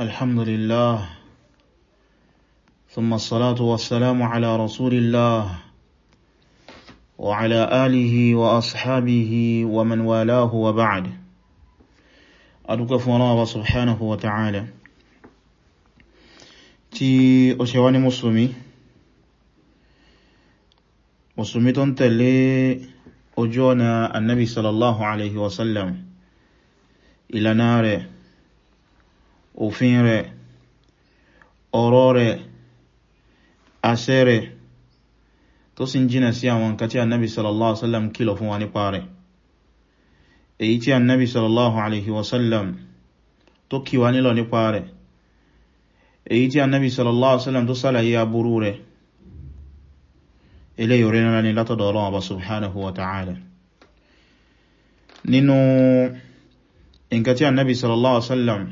الحمد لله ثم الصلاة والسلام على رسول الله وعلى آله وأصحابه ومن والاه وبعد أدوكف الله سبحانه وتعالى تي أشواني مسلمي مسلمي تنتلي أجونا النبي صلى الله عليه وسلم إلى ناره òfin rẹ̀ ọ̀rọ̀ rẹ̀ àṣẹ rẹ̀ tó sì ń jìnà sí àwọn nǹkan tí annabi sallallahu alaihi wasallam kìlọ̀ fún wa nípa rẹ̀ èyí tí annabi sallallahu alaihi wasallam tó kì wá nílọ̀ nípa rẹ̀ èyí tí annabi sallallahu alaihi wasallam tó sálàyé aburú rẹ̀ ilé yorí nára ni látọ̀dọ̀ Ọlọ́run annabi sallallahu alaihi wasallam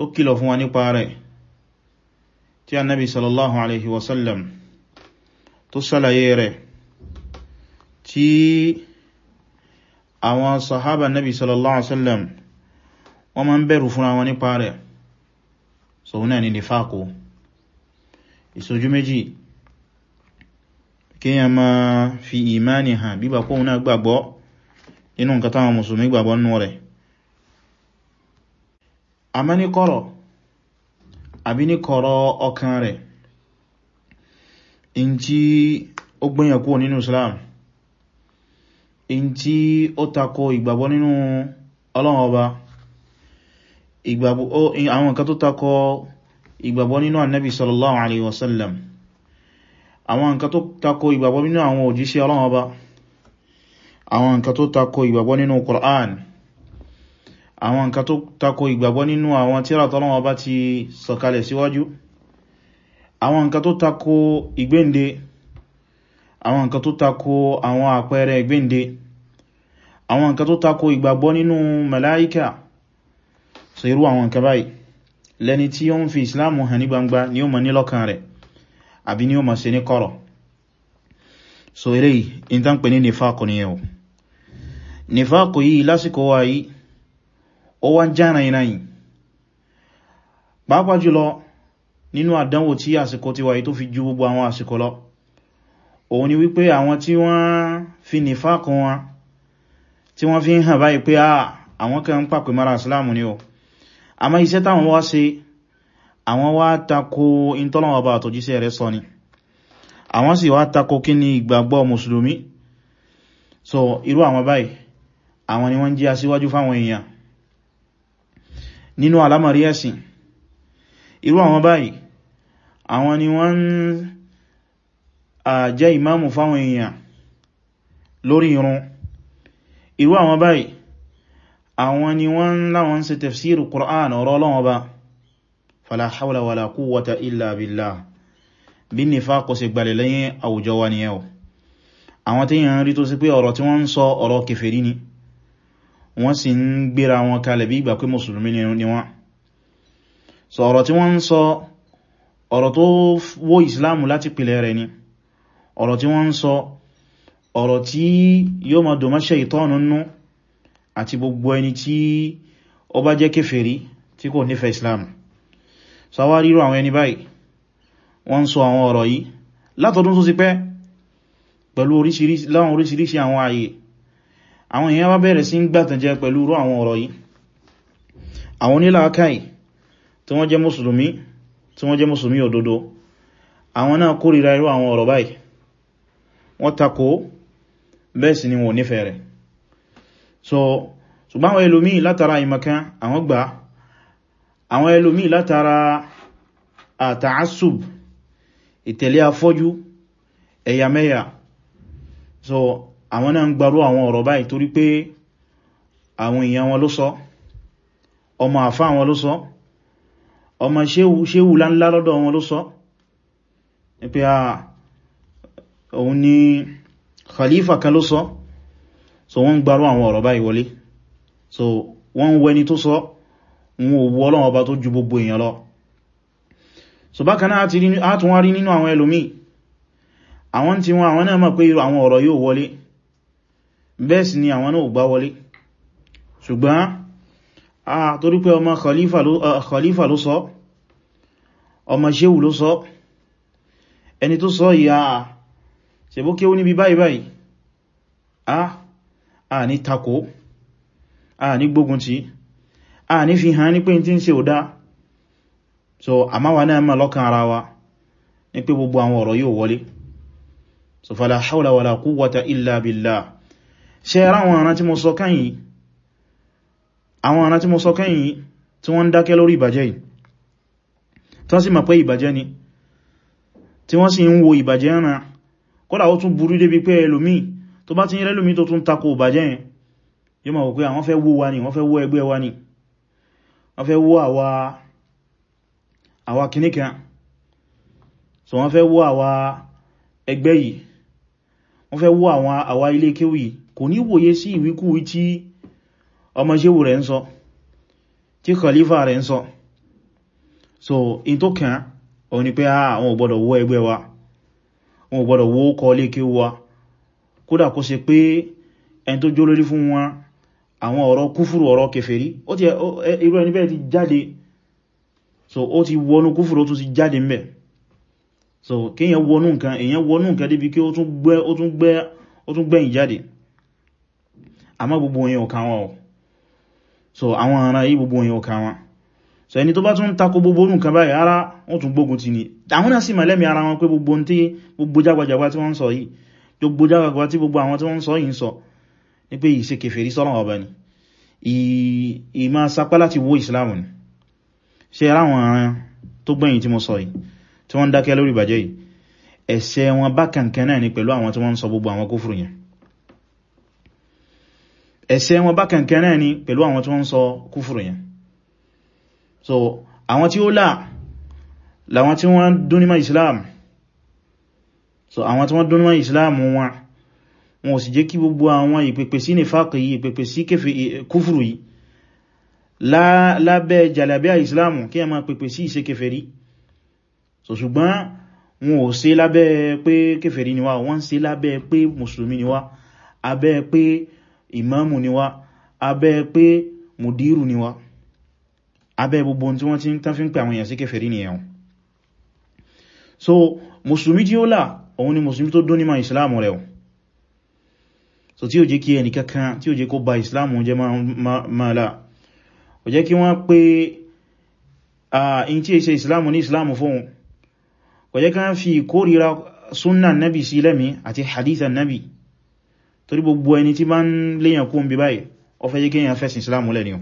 tó kìlọ̀ fún wa nípa rẹ̀ tí annabi sallallahu alaihi wasallam tó sálàyé rẹ̀ tí àwọn sahaba annabi sallallahu alaihi wasallam wọ́n ma ń bẹ̀rù fúnra wọn nípa rẹ̀ sọ̀húnà ni nífàkó ìṣojú méjì kíyàn ma fi ìmáni hàn bíbà kóhun náà gbàgbọ́ inú nǹkan táwọn musulmi gbàgbọ́ nù rẹ̀ àmọ́ ní kọ̀rọ̀ àbí ní kọ̀rọ̀ ọkàn rẹ̀ in tí ó gbẹ́yàn kúrò nínú Islam in tí ó tako ìgbàgbọ́ nínú Ọlọ́run Ọba àwọn nǹkan tó tako ìgbàgbọ́ nínú annabi sallallahu alaihi wasallam àwọn nǹkan tó tako ìgbàgbọ́ nínú àwọn òjíṣẹ́ Ọlọ́run Ọba àwọn nǹkan tó tako ìgbàgbọ́ nínú Qur'an àwọn nǹkan tó tako ìgbàgbọ́ nínú àwọn tírà tọ́lọ́wọ́ bá ti sọ̀kalẹ̀ síwájú àwọn nǹkan tó tako ìgbéǹde àwọn nǹkan tó tako àwọn àpẹẹrẹ ìgbéǹde àwọn nǹkan tó tako ìgbàgbọ́ nínú màláíkà so irú àwọn nǹkan báyìí lẹni tí ó ń fi ìsìláàmù hàn ní gbangba ni ó ma ní lọ́kàn rẹ̀ àbí ni ó ma ṣe ní kọ̀rọ̀ so eléyìí in ní nifákò ni yẹ̀wò nifákò yìí lásìkò wáyìí ó wá jára iná yìí pàápàá jùlọ nínú àdánwò tí àsìkò ti wáyé tó fi ju gbogbo àwọn àsìkò lọ òun ni wípé àwọn tí wọ́n fi nìfàkùn wọn tí wọ́n fi ń hàn báyìí pé ah, àwọn kan ń pàpè mara ìsìláàmù ni o àmá iṣẹ́ táwọn wá ṣe àwọn wá tako intọ́lọ́wọ́ bá àtòjíṣẹ́ rẹ̀ sọ ni àwọn sì wá tako kí ni ìgbàgbọ́ mùsùlùmí so irú àwọn báyìí àwọn ni wọ́n jẹ́ aṣíwájú fáwọn èèyàn nínú àlámọ̀rí ẹ̀sìn irú àwọn báyìí àwọn ni wọ́n jẹ́ ìmáàmù fáwọn èèyàn lórí irun irú àwọn báyìí àwọn ni wọ́n láwọn ṣe tafsiru Qur'an ọ̀rọ̀ Ọlọ́run ba fala hawla wala quwwata illa billah bí nifaq ṣe gbalẹ̀ lẹ́yìn àwùjọ wa nìyẹn àwọn tí yàn rí tó sí pé ọ̀rọ̀ tí wọ́n ń sọ ọ̀rọ̀ kèfèrí ni wọ́n sì ń gbéra wọn kalẹ̀ bí ìgbà pé mùsùlùmí ni wọ́n so ọ̀rọ̀ tí wọ́n ń sọ ọ̀rọ̀ tó wó ìsìláàmù láti pìlẹ̀ rẹ̀ ni ọ̀rọ̀ tí wọ́n ń sọ ọ̀rọ̀ tí yóò ma dòmáṣẹ́ ìtọ́nù nú àti gbogbo ẹni tí ó bá jẹ́ kéfèrí tí kò nífẹ̀ẹ́ ìsìláàmù so wá ríro àwọn ẹni báyìí wọ́n sọ àwọn ọ̀rọ̀ yìí látọdún tó ti pẹ́ pẹ̀lú oríṣiríṣi àwọn ààyè àwọn èèyàn bá bẹ̀rẹ̀ sí ń gbàtànjẹ pẹ̀lú irú àwọn ọ̀rọ̀ yìí àwọn onílàákàí tí wọ́n jẹ́ mùsùlùmí tí wọ́n jẹ́ mùsùlùmí òdodo àwọn náà kórìíra irú àwọn ọ̀rọ̀ báyìí wọ́n takò bẹ́ẹ̀ sì ni wọ́n nífẹ̀ẹ́ rẹ̀ so ṣùgbọ́n àwọn ẹlòmí látara ìmọ̀kan àwọn gbà àwọn ẹlòmí látara àtàásùb ìtẹ̀lé afọ́jú ẹ̀yàmẹ́yà so àwọn náà ń gbarú àwọn ọ̀rọ̀ báyìí torí pé àwọn èèyàn wọn ló sọ ọmọ àfá wọn ló sọ ọmọ ṣéwù láńlá lọ́dọ̀ wọn ló sọ pé a òun ni khalifa kan ló sọ so wọ́n gbarú àwọn ọ̀rọ̀ báyìí wọlé so wọ́n wẹni tó sọ wọn ò wọ́ ọlọ́wọ́ bá tó ju gbogbo èèyàn lọ so bákan náà a tún wá rí nínú àwọn ẹlòmíì àwọn tí wọn àwọn náà mọ̀ pé irú àwọn ọ̀rọ̀ yóò wọlé bẹ́ẹ̀ ni àwọn náà gbá wọlé ṣùgbọ́n a torí pé ọmọ khalifa ló sọ ọmọ ṣéwù ló sọ ẹni tó sọ ìyá ṣebó kéwú níbi báyìí báyìí a a ní takò a ní gbógun ti a ní fi hàn ní pé tí ń ṣe ò dá so àmáwà náà mọ́ lọ́kàn ara wa ní pé gbogbo àwọn ọ̀rọ̀ yóò wọlé so fala hawla wala quwwata illa billah ṣe ra àwọn àrán tí mo sọ kẹ́yìn àwọn àrán tí mo sọ kẹ́yìn wọ́n ń dákẹ́ lórí ìbàjẹ́ yìí tí wọ́n sì mọ̀ pé ìbàjẹ́ ni tí wọ́n sì ń wo ìbàjẹ́ ẹ̀nà kódà ó tún burú débi pé ẹlòmí tó bá ti ń rẹ́lòmí tó tún tako ìbàjẹ́ ni wọ́n fẹ́ wó ẹgbẹ́ wa ni wọ́n fẹ́ wó àwa àwa kìníkan so wọ́n fẹ́ wó àwa ẹgbẹ́ yìí wọ́n yìí kò ní wòye sí ìwíkúwí tí ọmọ rẹ̀ ń sọ tí khalifa rẹ̀ ń sọ so in tó kàn òun ni pé ah, àwọn ò gbọ́dọ̀ wọ ẹgbẹ́ wa wọn ò gbọ́dọ̀ wó kọ léèké wa kódà kó ṣe pé ẹn tó jó lórí fún wọn àwọn ọ̀rọ̀ kúfùrù ọ̀rọ̀ kèfèrí ó ti irú ẹni bẹ́ẹ̀ ti jáde so ó ti wọnú kúfùrù ó tún ti jáde mẹ́ so kéèyàn wọnú nǹkan èèyàn wọnú nǹkan débi kí ó tún gbẹ̀yìn jáde àmọ́ gbogbo yẹn ò kàn wọ́n so àwọn ará yìí gbogbo yẹn ò kàn so ẹni tó bá tún tako gbogbo orun kan báyìí ara wọ́n tún gbógun ti ni àwọn náà sì mọ̀ lẹ́mìí ara wọn pé gbogbo tí gbogbo jágbàjàgbà tí wọ́n ń sọ yìí gbogbo jágbàjàgbà tí gbogbo àwọn tí wọ́n ń sọ yìí ń sọ ní pé ìṣe kèfèrí sọ́rọ̀ ọba ni ìmá sapá láti wó ìsìláàmù ni ṣe ráwọn ará tó gbẹ̀yìn tí mo sọ yìí tí wọ́n dákẹ́ lórí ìbàjẹ́ yìí ẹ̀ṣẹ̀ wọn bá kankan náà ni pẹ̀lú àwọn tí wọ́n sọ gbogbo àwọn kófùrù yẹn ẹ̀ṣẹ̀ wọn bákẹ̀kẹ́ náà ni pẹ̀lú àwọn tí wọ́n ń sọ kúfùrù yẹn so àwọn tí ó là láwọn tí wọ́n dúnímọ̀ islam so àwọn tí wọ́n dúnímọ̀ islam wọn wọn ò sì jẹ́ kí gbogbo àwọn ìpèpè sí nìfàkì yìí ìpèpè sí kúfùrù yìí lábẹ́ islam kí a máa so ṣùgbọ́n wọn ò ṣe lábẹ́ pé kèfèrí ni wá wọ́n ṣe lábẹ́ pé mùsùlùmí ni wá abẹ́ ìmáàmù ni wá abẹ́ pé mùdírù ni wá abẹ́ gbogbo tí wọ́n ti ń tán fi ń pè àwọn èèyàn sí kèfèrí nìyẹn so mùsùlùmí tí ó là òun ni mùsùlùmí tó dónímọ̀ ìsìláàmù rẹ̀ so tí ó jẹ́ kí ẹnì kankan tí ó jẹ́ kó ba islamu jẹ́ máa là ó jẹ́ kí wọ́n pé in tí èsẹ ìsìláàmù ní ìsìláàmù fóhun kò jẹ́ ká fi kórìíra súnnà nabi sí lẹ́mí àti hadithan nabi torí gbogbo ẹni tí bá ń léyàn kó ń bí báyìí ó fẹ́ jẹ́ kéyàn fẹ́sìn islamu lẹ́ni o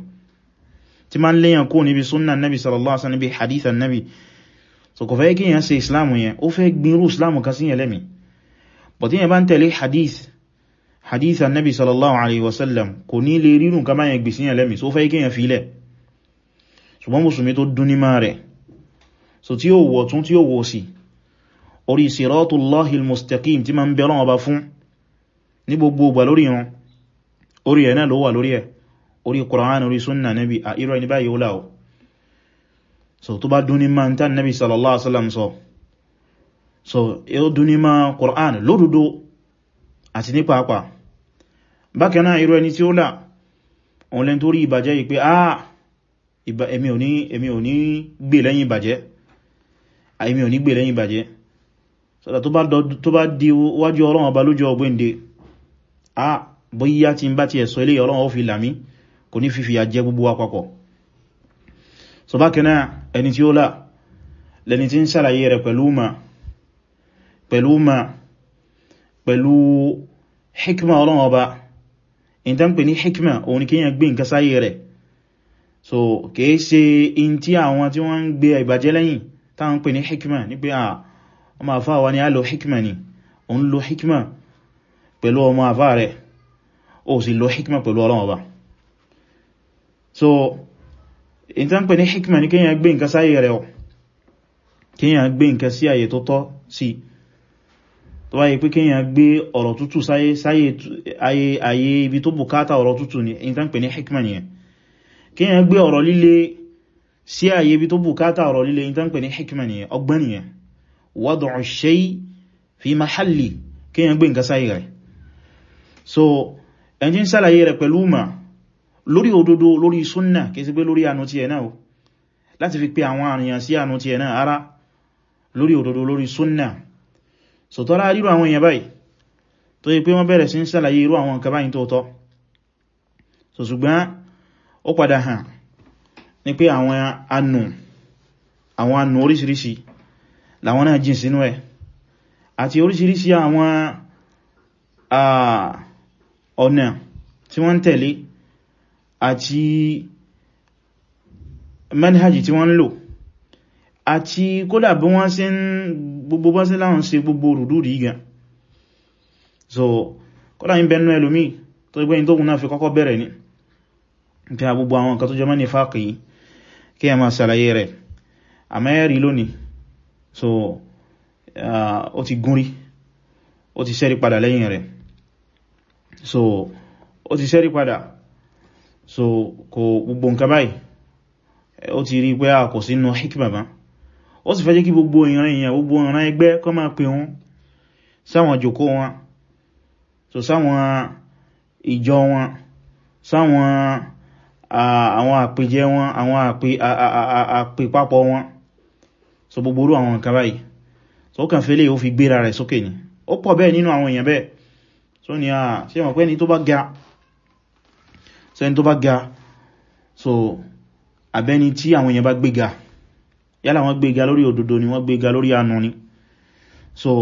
tí bá ń léyàn kó níbi sunna nabi sallallahu alaihi wasallam níbi hadithan nabi so kò fẹ́ kéyàn ṣe islamu yẹn ó fẹ́ gbinrú islamu kan síyàn lẹ́mi but yẹn bá ń tẹ̀lé hadith hadithan nabi sallallahu alaihi wasallam kò ní lè rírùn kama yẹn gbì síyàn lẹ́mi so fẹ́ kéyàn filẹ̀ ṣùgbọ́n musulmi tó siratullahi al-mustaqim tí ma ń bẹ̀rọ̀ ní gbogbo ìgbà lórí wọn orí ẹ̀ náà ló wà lórí ẹ̀ orí Qur'an orí súnnà nabi a irọ́ ẹni báyìí ó láwọ́ so tó bá dúní ma ń tán nabi sallallahu alaihi wasallam sọ so yóò dúní ma Qur'an lódodo àti ní pàápàá bákan náà irọ́ ẹni tí ó là òun lẹ́n tó rí ìbàjẹ́ yìí pé ah bá di wájú Ọlọ́run ọba lójú a bóyá tí n bá ti ẹ̀sọ ilé ọlọ́run ó fi làmí kò ní fífi àjẹ gbogbo àpapọ̀ so bákanáà ẹni tí ó là lẹni tí ń sàlàyé rẹ̀ pẹ̀lú ma pẹ̀lú hikma ọlọ́run ọba in tán pè ní hikma òun kí yẹn gbé nǹkan sáyé rẹ̀ so kìí ṣe in tí àwọn tí wọ́n ń gbé ìbàjẹ́ lẹ́yìn táwọn pè ní hikma ní pé à ọmọ àfáà wa ni a lo hikma ni òun lo hikma pẹ̀lú ọmọ àfá rẹ̀ o sì lọ hikma pẹ̀lú Ọlọ́run so in tán pẹ̀ ní hikma ní kíyàn gbé nǹkan sáyé rẹ̀ o kíyàn gbé nǹkan sí àyè tó tọ́ sí tó wáyé pé kíyàn gbé ọ̀rọ̀ tútù sáyé ayé ibi tó bùkátà ọ̀rọ̀ tútù ní in tán pẹ̀ ní hikma nìyẹn kíyàn gbé ọ̀rọ̀ líle sí àyè ibi ní hikma kíyàn gbé nǹkan sáyé rẹ̀ so ẹnjín sálàyé rẹ̀ pẹ̀lú ma lórí òdodo lórí súnnà kìí sí pé lórí ànú ti ẹ̀ náà láti fi pé àwọn àrìyàn sí ànú ti ẹ̀ ara lórí òdodo lórí súnnà so tọ́lá ríro àwọn èèyàn báyìí tó yí pé wọ́n bẹ̀rẹ̀ sí ń sálàyé irú àwọn nǹkan báyìí tóótọ́ so ṣùgbọ́n ó padà hàn ní pé àwọn ànú àwọn ànú oríṣiríṣi làwọn náà jìn sínú ẹ̀ àti oríṣiríṣi àwọn àà ọ̀nà tí wọ́n tẹ̀lé àti manhaji tí wọ́n lò àti kódà bí wọ́n ṣe ń gbogbo bọ́sí láwọn ṣe gbogbo rùdúrí gan so kódà ń bẹnu ẹlòmí tó gbẹ́yìn tó gúnná fi kọ́kọ́ bẹ̀rẹ̀ ní pí a gbogbo àwọn nǹkan tó jẹmọ́ ní fàákì kí a máa ṣàlàyé rẹ̀ àmẹ́rí lónìí so ó ti gúnrí ó ti ṣẹ́rí padà lẹ́yìn rẹ̀ so ó ti ṣẹ́rí padà so kò gbogbo nǹkan báyìí ó ti rí pé a kò sínú hikima bá ó sì fẹ́ jẹ́ kí gbogbo ìran èèyàn gbogbo ìran ẹgbẹ́ kọ́ máa pè wọn sáwọn jòkó wọn so sáwọn ìjọ wọn sáwọn àwọn àpèjẹ wọn àwọn àpèpapọ̀ wọn so gbogbo orú àwọn nǹkan báyìí so ó kàn fẹ́lẹ̀ ó fi gbéra rẹ̀ sókè ni ó pọ̀ bẹ́ẹ̀ nínú àwọn èèyàn bẹ́ẹ̀ so ni a ah, ṣe mọ̀ pé ni tó bá ga so ni tó bá ga so abẹ́ni tí àwọn èèyàn bá gbéga yálà wọ́n gbéga lórí òdodo ni wọ́n gbéga lórí àánú ni so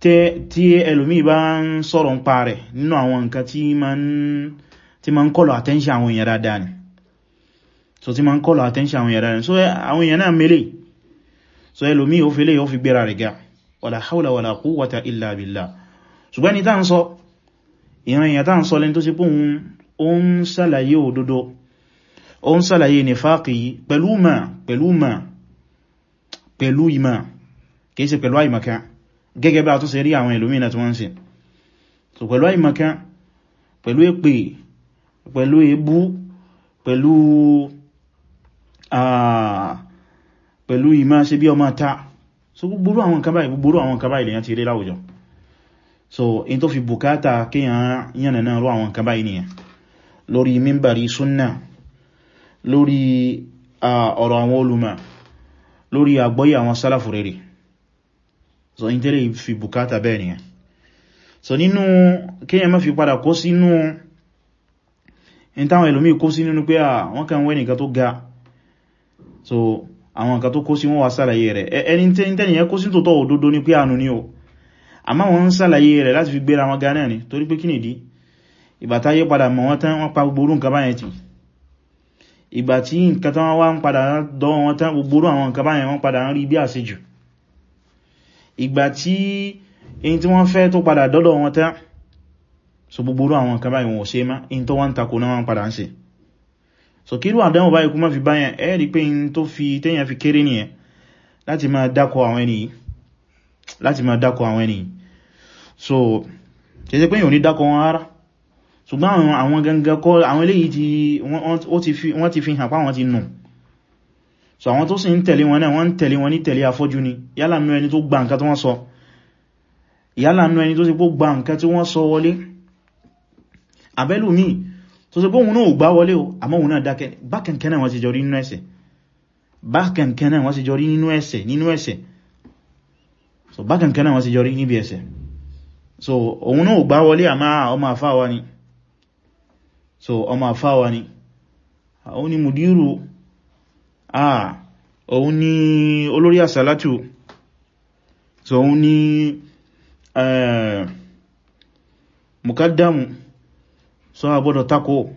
tí ẹlòmíì bá ń sọ̀rọ̀ ń pa rẹ̀ nínú àwọn nǹkan tí ma ń kọlọ̀ attention àwọn èèyàn dáadáa ni so tí ma ń kọlọ̀ attention àwọn èèyàn dáadáa ni so àwọn èèyàn náà mele so ẹlòmíì ó fi lè ó fi gbéra rẹ̀ ga wala hawla wala quwwata illa billah ṣùgbọ́n ni tán sọ ìran èyàn tán sọ lẹ́n tó sí pún o ń sàlàyé òdodo o ń sàlàyé nìfàkì pẹ̀lú ma pẹ̀lú ma pẹ̀lú ìmà kìí ṣe pẹ̀lú àìmọ̀ká gẹ́gẹ́ bá tó ṣe rí àwọn ìlúmínà tí wọ́n ń ṣe so pẹ̀lú àìmọ̀ká pẹ̀lú èpè pẹ̀lú gbogbo àwọn kan báyìí gbogbo ti rí láwùjọ so in tó fi bukata kíyàn yànà náà rọ àwọn nǹkan báyìí nìyàn lórí mímbàrí lori lórí ọ̀rọ̀ àwọn olùmọ̀ lórí àgbọ́yé àwọn sálàfù so in tẹ́lẹ̀ fi bukata bẹ́ẹ̀ nìyàn so nínú kíyàn má fi padà kó sínú in táwọn ẹlòmí kó sí nínú pé àwọn kan wẹ́ nìkan tó ga so àwọn nǹkan tó kó sí wọ́n wá sálàyé rẹ̀ ẹni tẹ́niyàn kó sí tó tọ́ òdodo ní pé ànú ni o àmá wọn ń sàlàyé rẹ̀ láti fi gbéra wọn ga náà ni torí pé kí nìdí ìgbà táyé padà mọ̀ wọ́n tán wọ́n pa gbogbo nǹkan báyẹn tì ìgbà tí nǹkan tán wá ń padà dọ́wọ́ wọn tán gbogbo àwọn nǹkan báyẹn wọ́n padà rí bí àṣejù ìgbà tí èyí tí wọ́n fẹ́ tó padà dọ́dọ̀ wọn tán so gbogbo àwọn nǹkan báyìí wọn ò ṣe má in tó wá takò náà wọ́n padà ń ṣe so kírú àdánwò báyìí kúmọ́ fi báyẹn ẹ́ rí pé in tó fi téyàn fi kéré nìyẹn láti máa dákọ àwọn ẹni láti máa dákọ àwọn ẹni so kẹsẹ̀ pé yíò ní dákọ̀ wọn ara ṣùgbọ́n àwọn gangan kọ́ àwọn eléyìí tí wọ́n ti fi hàn páwọn ti nù so àwọn tó sì ń tẹ̀lé wọn náà wọ́n ń tẹ̀lé wọn ní tẹ̀lé afọ́jú ni yálà nú ẹni tó gba nǹkan tí wọ́n sọ yálà nú ẹni tó sì pó gba nǹkan tí wọ́n sọ wọlé abẹ́lù míì tó sì pó òun náà ò gbá wọlé o àmọ́ òun náà dákẹ́ bákẹ̀kẹ́ náà wọ́n ti jọ rí nínú ẹ̀ṣẹ̀ bákẹ̀kẹ́ náà wọ́n ti jọ rí so bákẹ̀kẹ́ náà wọ́n ti jọ rí níbi so òun náà gbá wọlé àmá ah, ọmọ àfáwa ni so ọmọ àfáwa ni òun ni mùdírù àà òun ni olórí àsálátù so òun ni eh, mukaddamu so agbọ́dọ̀ tako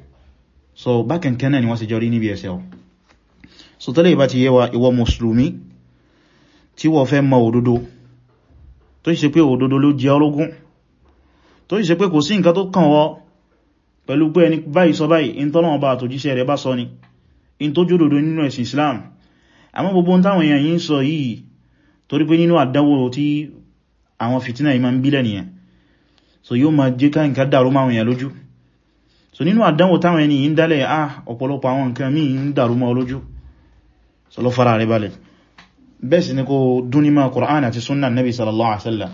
so bákẹ̀kẹ́ náà ni wọ́n sì jọ rí níbi ẹsẹ̀ so tẹ́lẹ̀ ìbá ti yẹwa ìwọ mùsùlùmí tí wọ́n fẹ́ mọ òdodo tó ṣe pé òdodo ló jẹ́ ológun tó yí ṣe pé kò sí nǹkan tó kàn wọ́ pẹ̀lú pé ẹni báyìí sọ báyìí in tọ́lọ́wọ́ bá àtòjíṣẹ́ rẹ̀ bá sọ ni in tó jódòdó nínú ẹ̀sìn Islam àmọ́ gbogbo táwọn èèyàn yìí ń sọ yìí torí pé nínú àdánwò tí àwọn fìtínà yìí máa ń bílẹ̀ nìyẹn so yóò máa jẹ́ káyìn ká dàrú máwọn èèyàn lójú so nínú àdánwò táwọn ẹni yìí ń dálẹ̀ à ah, ọ̀pọ̀lọpọ̀ àwọn nǹkan míì ń dàrú máa lójú so lọ fara rẹ̀ balẹ̀ bẹ́ẹ̀ sì ni kò dún ní máa Qur'an àti sunnah nabi sallallahu alaihi wasallam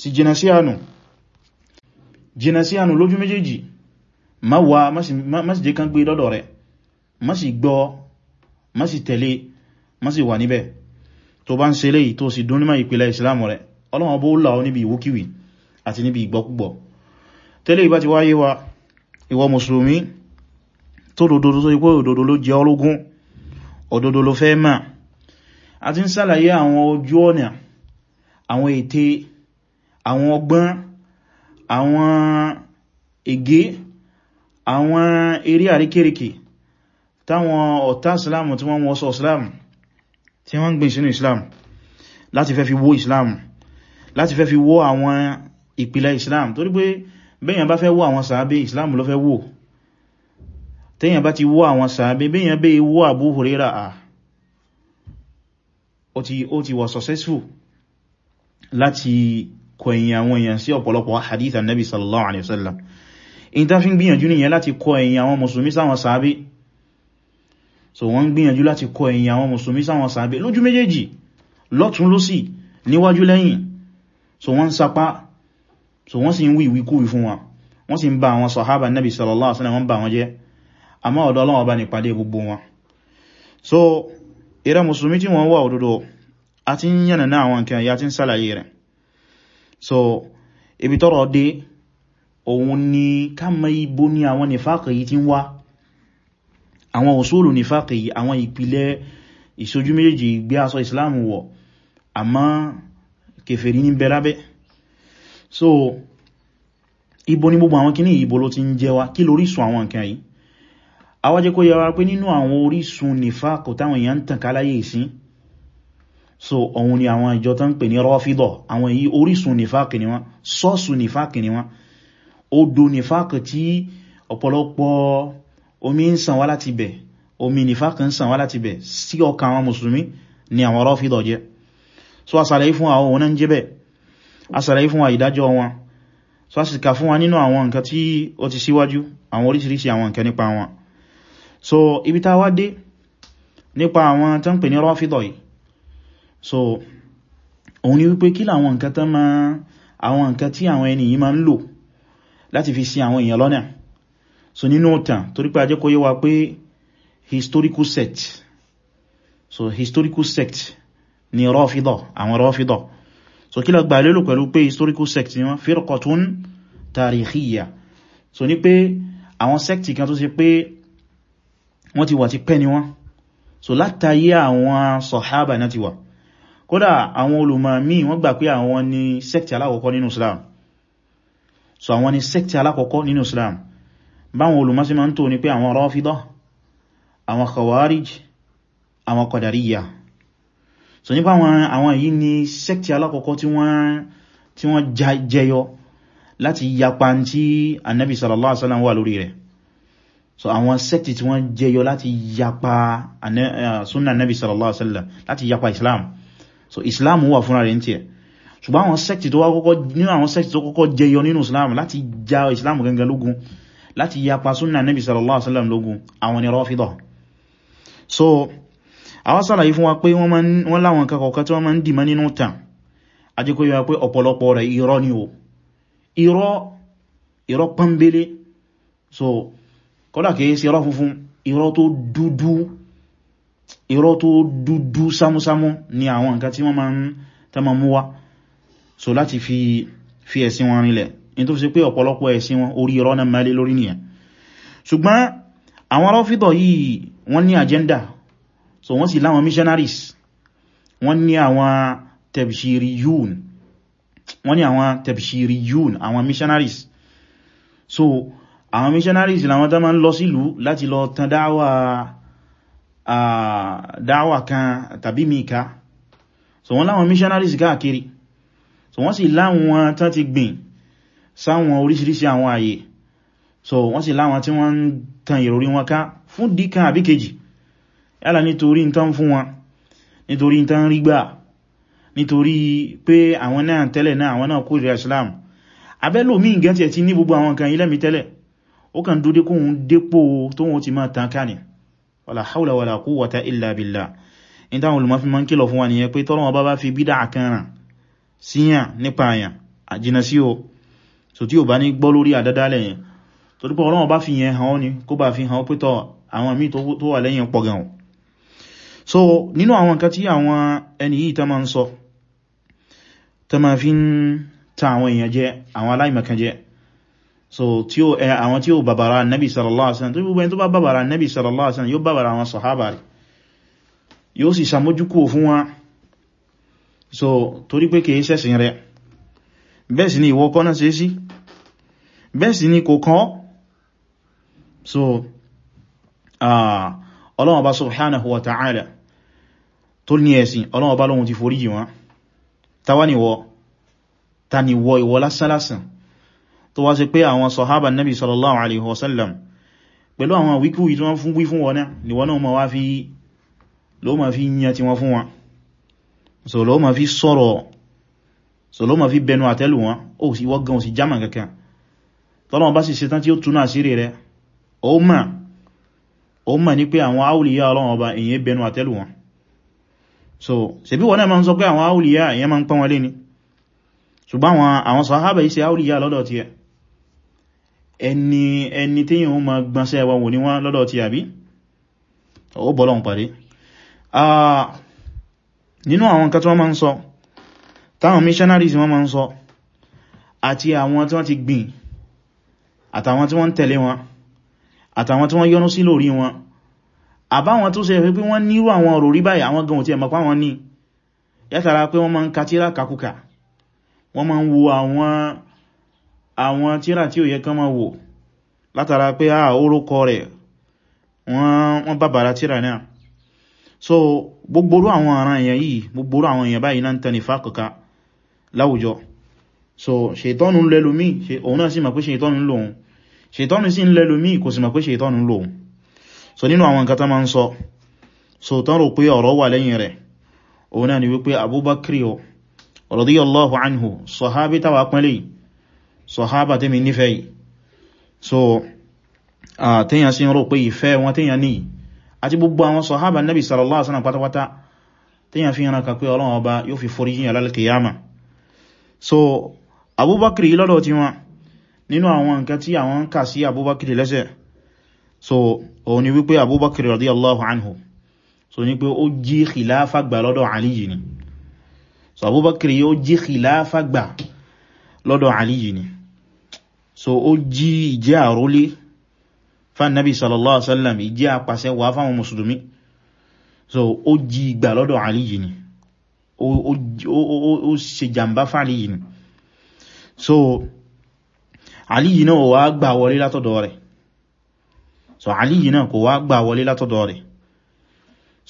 si jìnà sí àánú jìnà sí ànù lójú méjèèjì ma wà má sì jẹ́ kán gbé lọ́dọ̀ rẹ̀ má sì gbọ́ má sì tẹ̀lé má sì wà níbẹ̀ tó bá ń ṣe léyìí tó sì dún nímọ̀ ìpìlẹ̀ islam rẹ̀ ọlọ́wọ́n bó là ọ níbi ìwókíwì àti níbi ìgbọ́kúgbọ̀ tẹ́lẹ̀ ìbá ti wáyé wa ìwọ mùsùlùmí tó dòdòdó tó ipò òdòdó ló jẹ́ ológun òdòdó ló fẹ́ máa a àwọn ète àwọn ọgbọ́n àwọn ègé àwọn eré àríkèrèkè táwọn ọ̀tá islam tí wọ́n wọ́sọ̀ islam tí wọ́n ń gbé sínú islam láti fẹ́ fi wó islam láti fẹ́ fi wó àwọn ìpìlẹ̀ islam torí pé bẹ́yàn bá fẹ́ wó àwọn sàábé islam ló fẹ́ wó tẹ́yàn bá ti wó àwọn sàábé bẹ́yàn bẹ́ wó Abu Huraira à ó ti wà successful láti kọ ẹ̀yìn àwọn èèyàn sí ọ̀pọ̀lọpọ̀ hadith annabi sallallahu alaihi wasallam in ta fi ń gbìyànjú nìyẹn láti kọ ẹ̀yìn àwọn musulmi sáwọn sàábé so wọ́n ń gbìyànjú láti kọ ẹ̀yìn àwọn musulmi sáwọn sàábé lójú méjèèjì lọ́tún lósì níwájú lẹ́yìn so wọ́n ń sapá so wọ́n sì ń wí ìwíkúwì fún wa wọ́n sì ń ba àwọn sàhábà nabi sallallahu alaihi wasallam wọ́n ba jẹ́ àmá ọ̀dọ̀ Ọlọ́run bá ní pàdé gbogbo wọn so ìrẹ musulmi tí wọ́n wà òdodo a ti ń yànnà àwọn nǹkan ya ti ń sálàyé rẹ̀ so ibi tọ́rọ̀ dé òun ni ká mọ̀ ibo ni àwọn nìfàkì yìí ti ń wá àwọn òṣòlù nìfàkì yìí àwọn ìpìlẹ̀ ìṣojú méjèèjì gbé Islam wọ̀ àmọ́ kèfèrí ní bẹ̀lábẹ́ so ibo ni gbogbo àwọn kíní ibo ló ti ń jẹ wá kí lórísun àwọn nǹkan yìí a wá jẹ́ kó yé wa pé nínú àwọn orísun nìfàkì táwọn èèyàn ń tàn káláyé ìsìn so òun ni àwọn ìjọ tán ń pè ní rọ́fídọ̀ àwọn èyí orísun nìfàkì ni wọ́n sọ́ọ̀sù nìfàkì ni wọ́n odò nìfàkì tí ọ̀pọ̀lọpọ̀ omi ń sàn láti bẹ̀ omi nìfàkì ń sàn láti bẹ̀ sí ọkàn àwọn mùsùlùmí ni àwọn rọ́fídọ̀ jẹ́ so asàlẹ̀ fún àwọn òun ń jẹ́ bẹ̀ asàlẹ̀ fún ìdájọ́ wọn so a sì kà fún wa nínú àwọn nǹkan tí ó ti síwájú àwọn oríṣiríṣi àwọn nǹkan nípa wọn so ibi tá wá dé nípa àwọn tán pè ní rọ́fídọ̀ yìí so òun ni wípé kí làwọn nǹkan tán ma àwọn nǹkan tí àwọn ẹni yìí ma ń lò láti fi ṣì àwọn èèyàn lọ́nà so nínú òtàn torí pé ajẹ́kọ́ yé wa pé historical sect so historical sect ni Rāfidah àwọn Rāfidah so kí ló gbà lérò pẹ̀lú pé historical sect ni wọ́n firqatun tarikhiyya so ní pé àwọn sect kan tó ṣe pé wọ́n ti wà ti pẹ́ ni wọ́n so látayé àwọn sàhábà náà ti wà kódà àwọn olùmọ̀ míì wọ́n gbà pé àwọn ni sẹ́kìtì alákọ̀ọ́kọ́ nínú Islam so àwọn ni sẹ́kìtì alákọ̀ọ́kọ́ nínú Islam báwọn olùmọ̀ sí ma ń tó ní pé àwọn Rāfidah àwọn Khawarij àwọn Qadariyya so nípa àwọn yìí ni sẹ́kìtì alákọ̀ọ́kọ́ tí wọ́n jẹyọ láti yapa tí annabi sallallahu alaihi wasallam wà lórí so àwọn sẹ́kìtì tí wọ́n jẹyọ láti yapa sunna annabi sallallahu alaihi wasallam láti yapa Islam so islam wà fúnra rẹ̀ ń tí ẹ̀ ṣùgbọ́n àwọn sect tó wá kọ́kọ́ nínú àwọn sect tó kọ́kọ́ jẹyọ nínú islam láti ja islam gangan lógun láti yapa súnà nabi sallallahu alaihi wasallam lógun àwọn ni rọ́fídọ̀ so àwọn sàlàyé fún wa pé wọ́n láwọn kakọ̀ọ̀kan tí wọ́n máa ń dìmọ́ nínú tàn ajẹ́kọ́ yíwa pé ọ̀pọ̀lọpọ̀ rẹ̀ irọ́ ni so kọ́lá kìí sí irọ́ funfun irọ́ tó irọ́ tó dúdú sámúsámú ni àwọn nǹkan tí wọ́n ma ń tẹ́mọ̀ mú wá so láti fi fi ẹ̀sìn wọn rinlẹ̀ in tó fi ṣe pé ọ̀pọ̀lọpọ̀ ẹ̀sìn wọn orí irọ́ náà mẹ́lé lórí nìyẹn ṣùgbọ́n àwọn rọ́fídọ̀ yìí wọ́n ní agenda so wọ́n sì láwọn missionaries wọ́n ní àwọn tebshiriyun wọ́n ní àwọn tebshiriyun àwọn missionaries so àwọn missionaries làwọn tó máa ń lọ sílùú láti lọ tan Ah, dáwà kan tàbí mìíká so wọ́n láwọn missionaries káàkiri so wọ́n sì láwọn tán ti gbìn sáwọn oríṣiríṣi àwọn ààyè so wọ́n sì láwọn tí wọ́n ń tan ìròrí wọn ká fún díkà àbí kejì yálà nítorí tán fún wọn nítorí tán rí gbà nítorí pé àwọn náà tẹ́lẹ̀ náà àwọn náà kórìíra Islam abẹ́lò míì gẹ́ ti ẹ̀ ti ní gbogbo àwọn kan ilẹ́mi tẹ́lẹ̀ ó kàn dúdé kóhun dépò tóhun ti máa tàn ká nìí wala hawla wala quwwata illa billah in ta olùmọ́ fi máa ń kìlọ̀ fún wa nìyẹn pé tọ́lọ́wọ́ bá bá fi bídá àkànràn síyàn nípa àyàn àjìnà sí o so tí o bá ní gbọ́ lórí àdádálẹ̀ yẹn tó dípọ̀ ọlọ́wọ́ bá fi yẹn hàn ọ́ ni kó bá fi hàn ọ́ pétọ̀ so nínú àwọn nǹkan tí àwọn ẹni yìí tá máa ń sọ tá máa fi so tí ó ẹ eh, àwọn tí ó bàbàrà nabi sallallahu alaihi wasallam tó gbogbo ẹni tó bá bàbàrà nabi sallallahu alaihi wasallam yóò bàbàrà àwọn sàhábà so torí pé kìí ṣẹ̀sìn rẹ̀ bẹ́ẹ̀ sì ni ìwọ so Ọlọ́hun bá subhanahu wa ta'ala tó ní ẹ̀sìn Ọlọ́hun bá lóhun ti foríjì wọn tawaniwọ taniwọ ìwọ lásánlásán tó wá sí pé àwọn sọ̀hábà nabi sallallahu alaihi wasallam pẹ̀lú àwọn wíkú ìtí wọ́n fún wí fún wọn ni wọ́n náà ma wá fi ló ma fi yíyan tí wọ́n fún wọn so ló ma fi sọ̀rọ̀ so ló ma fi bẹnu àtẹ́lù wọn ó sì wọ́n gan ó sì jámà kankan tọ́lọ́ bá sì ṣetán so ṣebí wọn náà ma ń sọ pé àwọn áwùlìyà èyàn ma ń pọ́n wọn lé ni ṣùgbọ́n àwọn sàhábà yìí ṣe áwùlìyà lọ́dọ̀ tiẹ̀ ẹni ẹni tí yíò ma gbánṣẹ́ wa wò ní wọ́n lọ́dọ̀ ti àbí ó bọ́lọ̀ pàdé nínú àwọn nǹkan tí wọ́n ma ń sọ táwọn missionaries wọ́n ma ń sọ àti àwọn tí wọ́n ti gbìn àtàwọn tí wọ́n tẹ̀lé wọn àtàwọn tí wọ́n yọ́nú sí lórí wọn àbáwọn tó ṣe pé wọ́n nírú àwọn ọ̀rọ̀ rí báyìí àwọn gan-an wọn ní yátara pé wọ́n ma ń ka tíra kakuka wọ́n ma ń wo àwọn àwọn tírà tí ó yẹ kán máa wò látara pé a ah, orúkọ rẹ̀ wọ́n bàbára tírà náà so gbogboro àwọn àrán èèyàn yìí gbogboro àwọn èèyàn báyìí náà ń tẹni fàkọ̀ká láwùjọ so ṣètọ́nù ń lẹ́lùmí òun náà sì mọ̀ pé ṣètọ́nù ń lòun ṣètọ́nù sí ń lẹ́lùmí kò sì mọ̀ pé ṣètọ́nù ń lòun so nínú àwọn nǹkan tó máa ń sọ so tán rò pé ọ̀rọ̀ wà lẹ́yìn rẹ̀ òun náà ni wípé Abubakri radiyallahu anhu sahabi táwà pẹ́lẹ̀ yìí sọ̀hábà tẹ́mi nífẹ́ yìí so tẹ́yàn sí rò pé ìfẹ́ wọn tẹ́yàn ní àti gbogbo àwọn sọ̀hábà nẹ́bì sallallahu alaihi wasallam pátápátá tẹ́yàn fi hàn kàpé ọlọ́run ọba yóò fi forí so abubakir lọ́dọ̀ tí wọn nínú àwọn nǹkan tí àwọn ń kà sí so ó ní wípé abubakir radiyallahu anhu so ní pé ó jí khilafa gbà lọ́dọ̀ aliyu ni so abubakir yóò jí khilafa gbà lọ́dọ̀ aliyu ni so ó jí ìjẹ́ àrólé fánàbí sallallahu alaihi wasallam ìjẹ́ apàṣẹ wà fáwọn mùsùlùmí so ó jí ìgbà lọ́dọ̀ àlìyì ni ó ṣe jàmbá fàlìyì ni so àlìyì náà wà gbà wọlé látọ̀dọ̀ rẹ̀ so àlìyì náà kò wá gbà wọlé látọ̀dọ̀ rẹ̀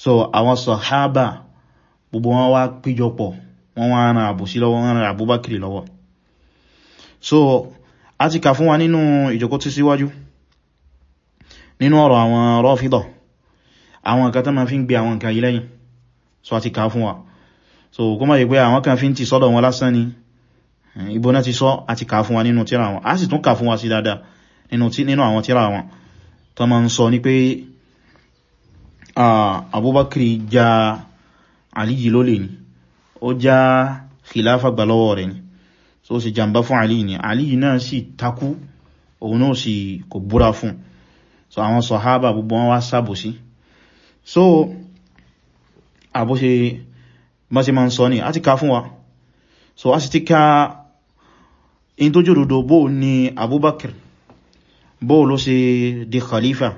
so àwọn sàhábà gbogbo wọn wá péjọpọ̀ wọn wá ran àbùsí lọ́wọ́ wọn ran àbúbákìrì lọ́wọ́ so a ti kà fún wa nínú ìjókòó tí síwájú nínú ọ̀rọ̀ àwọn Rāfidah àwọn nǹkan tó ma fi ń gbé àwọn nǹkan yìí lẹ́yìn so a ti kà fún wa so kó má yẹ pé àwọn kan fi ń ti sọ́dọ̀ wọn lásán ni eh, ibo náà ti sọ a ti kà fún wa nínú tírà wọn a sì tún kà fún wa sí dáadáa nínú àwọn tírà wọn tó ma ń sọ ní pé Abubakar ja Aliyi lólè ni ó já khilafa gbà lọ́wọ́ ni so si jàmbá fún Ali ni Ali náà sì taku òun náà sì kò búra fún so àwọn sọ̀hábà gbogbo wọn wá sábò sí so abo mọ́sí ma ń sọ ní àti ká fún wa so a sì ti ká in tó jòdòdó bó ní Abubakar bó ló ṣe di khalifa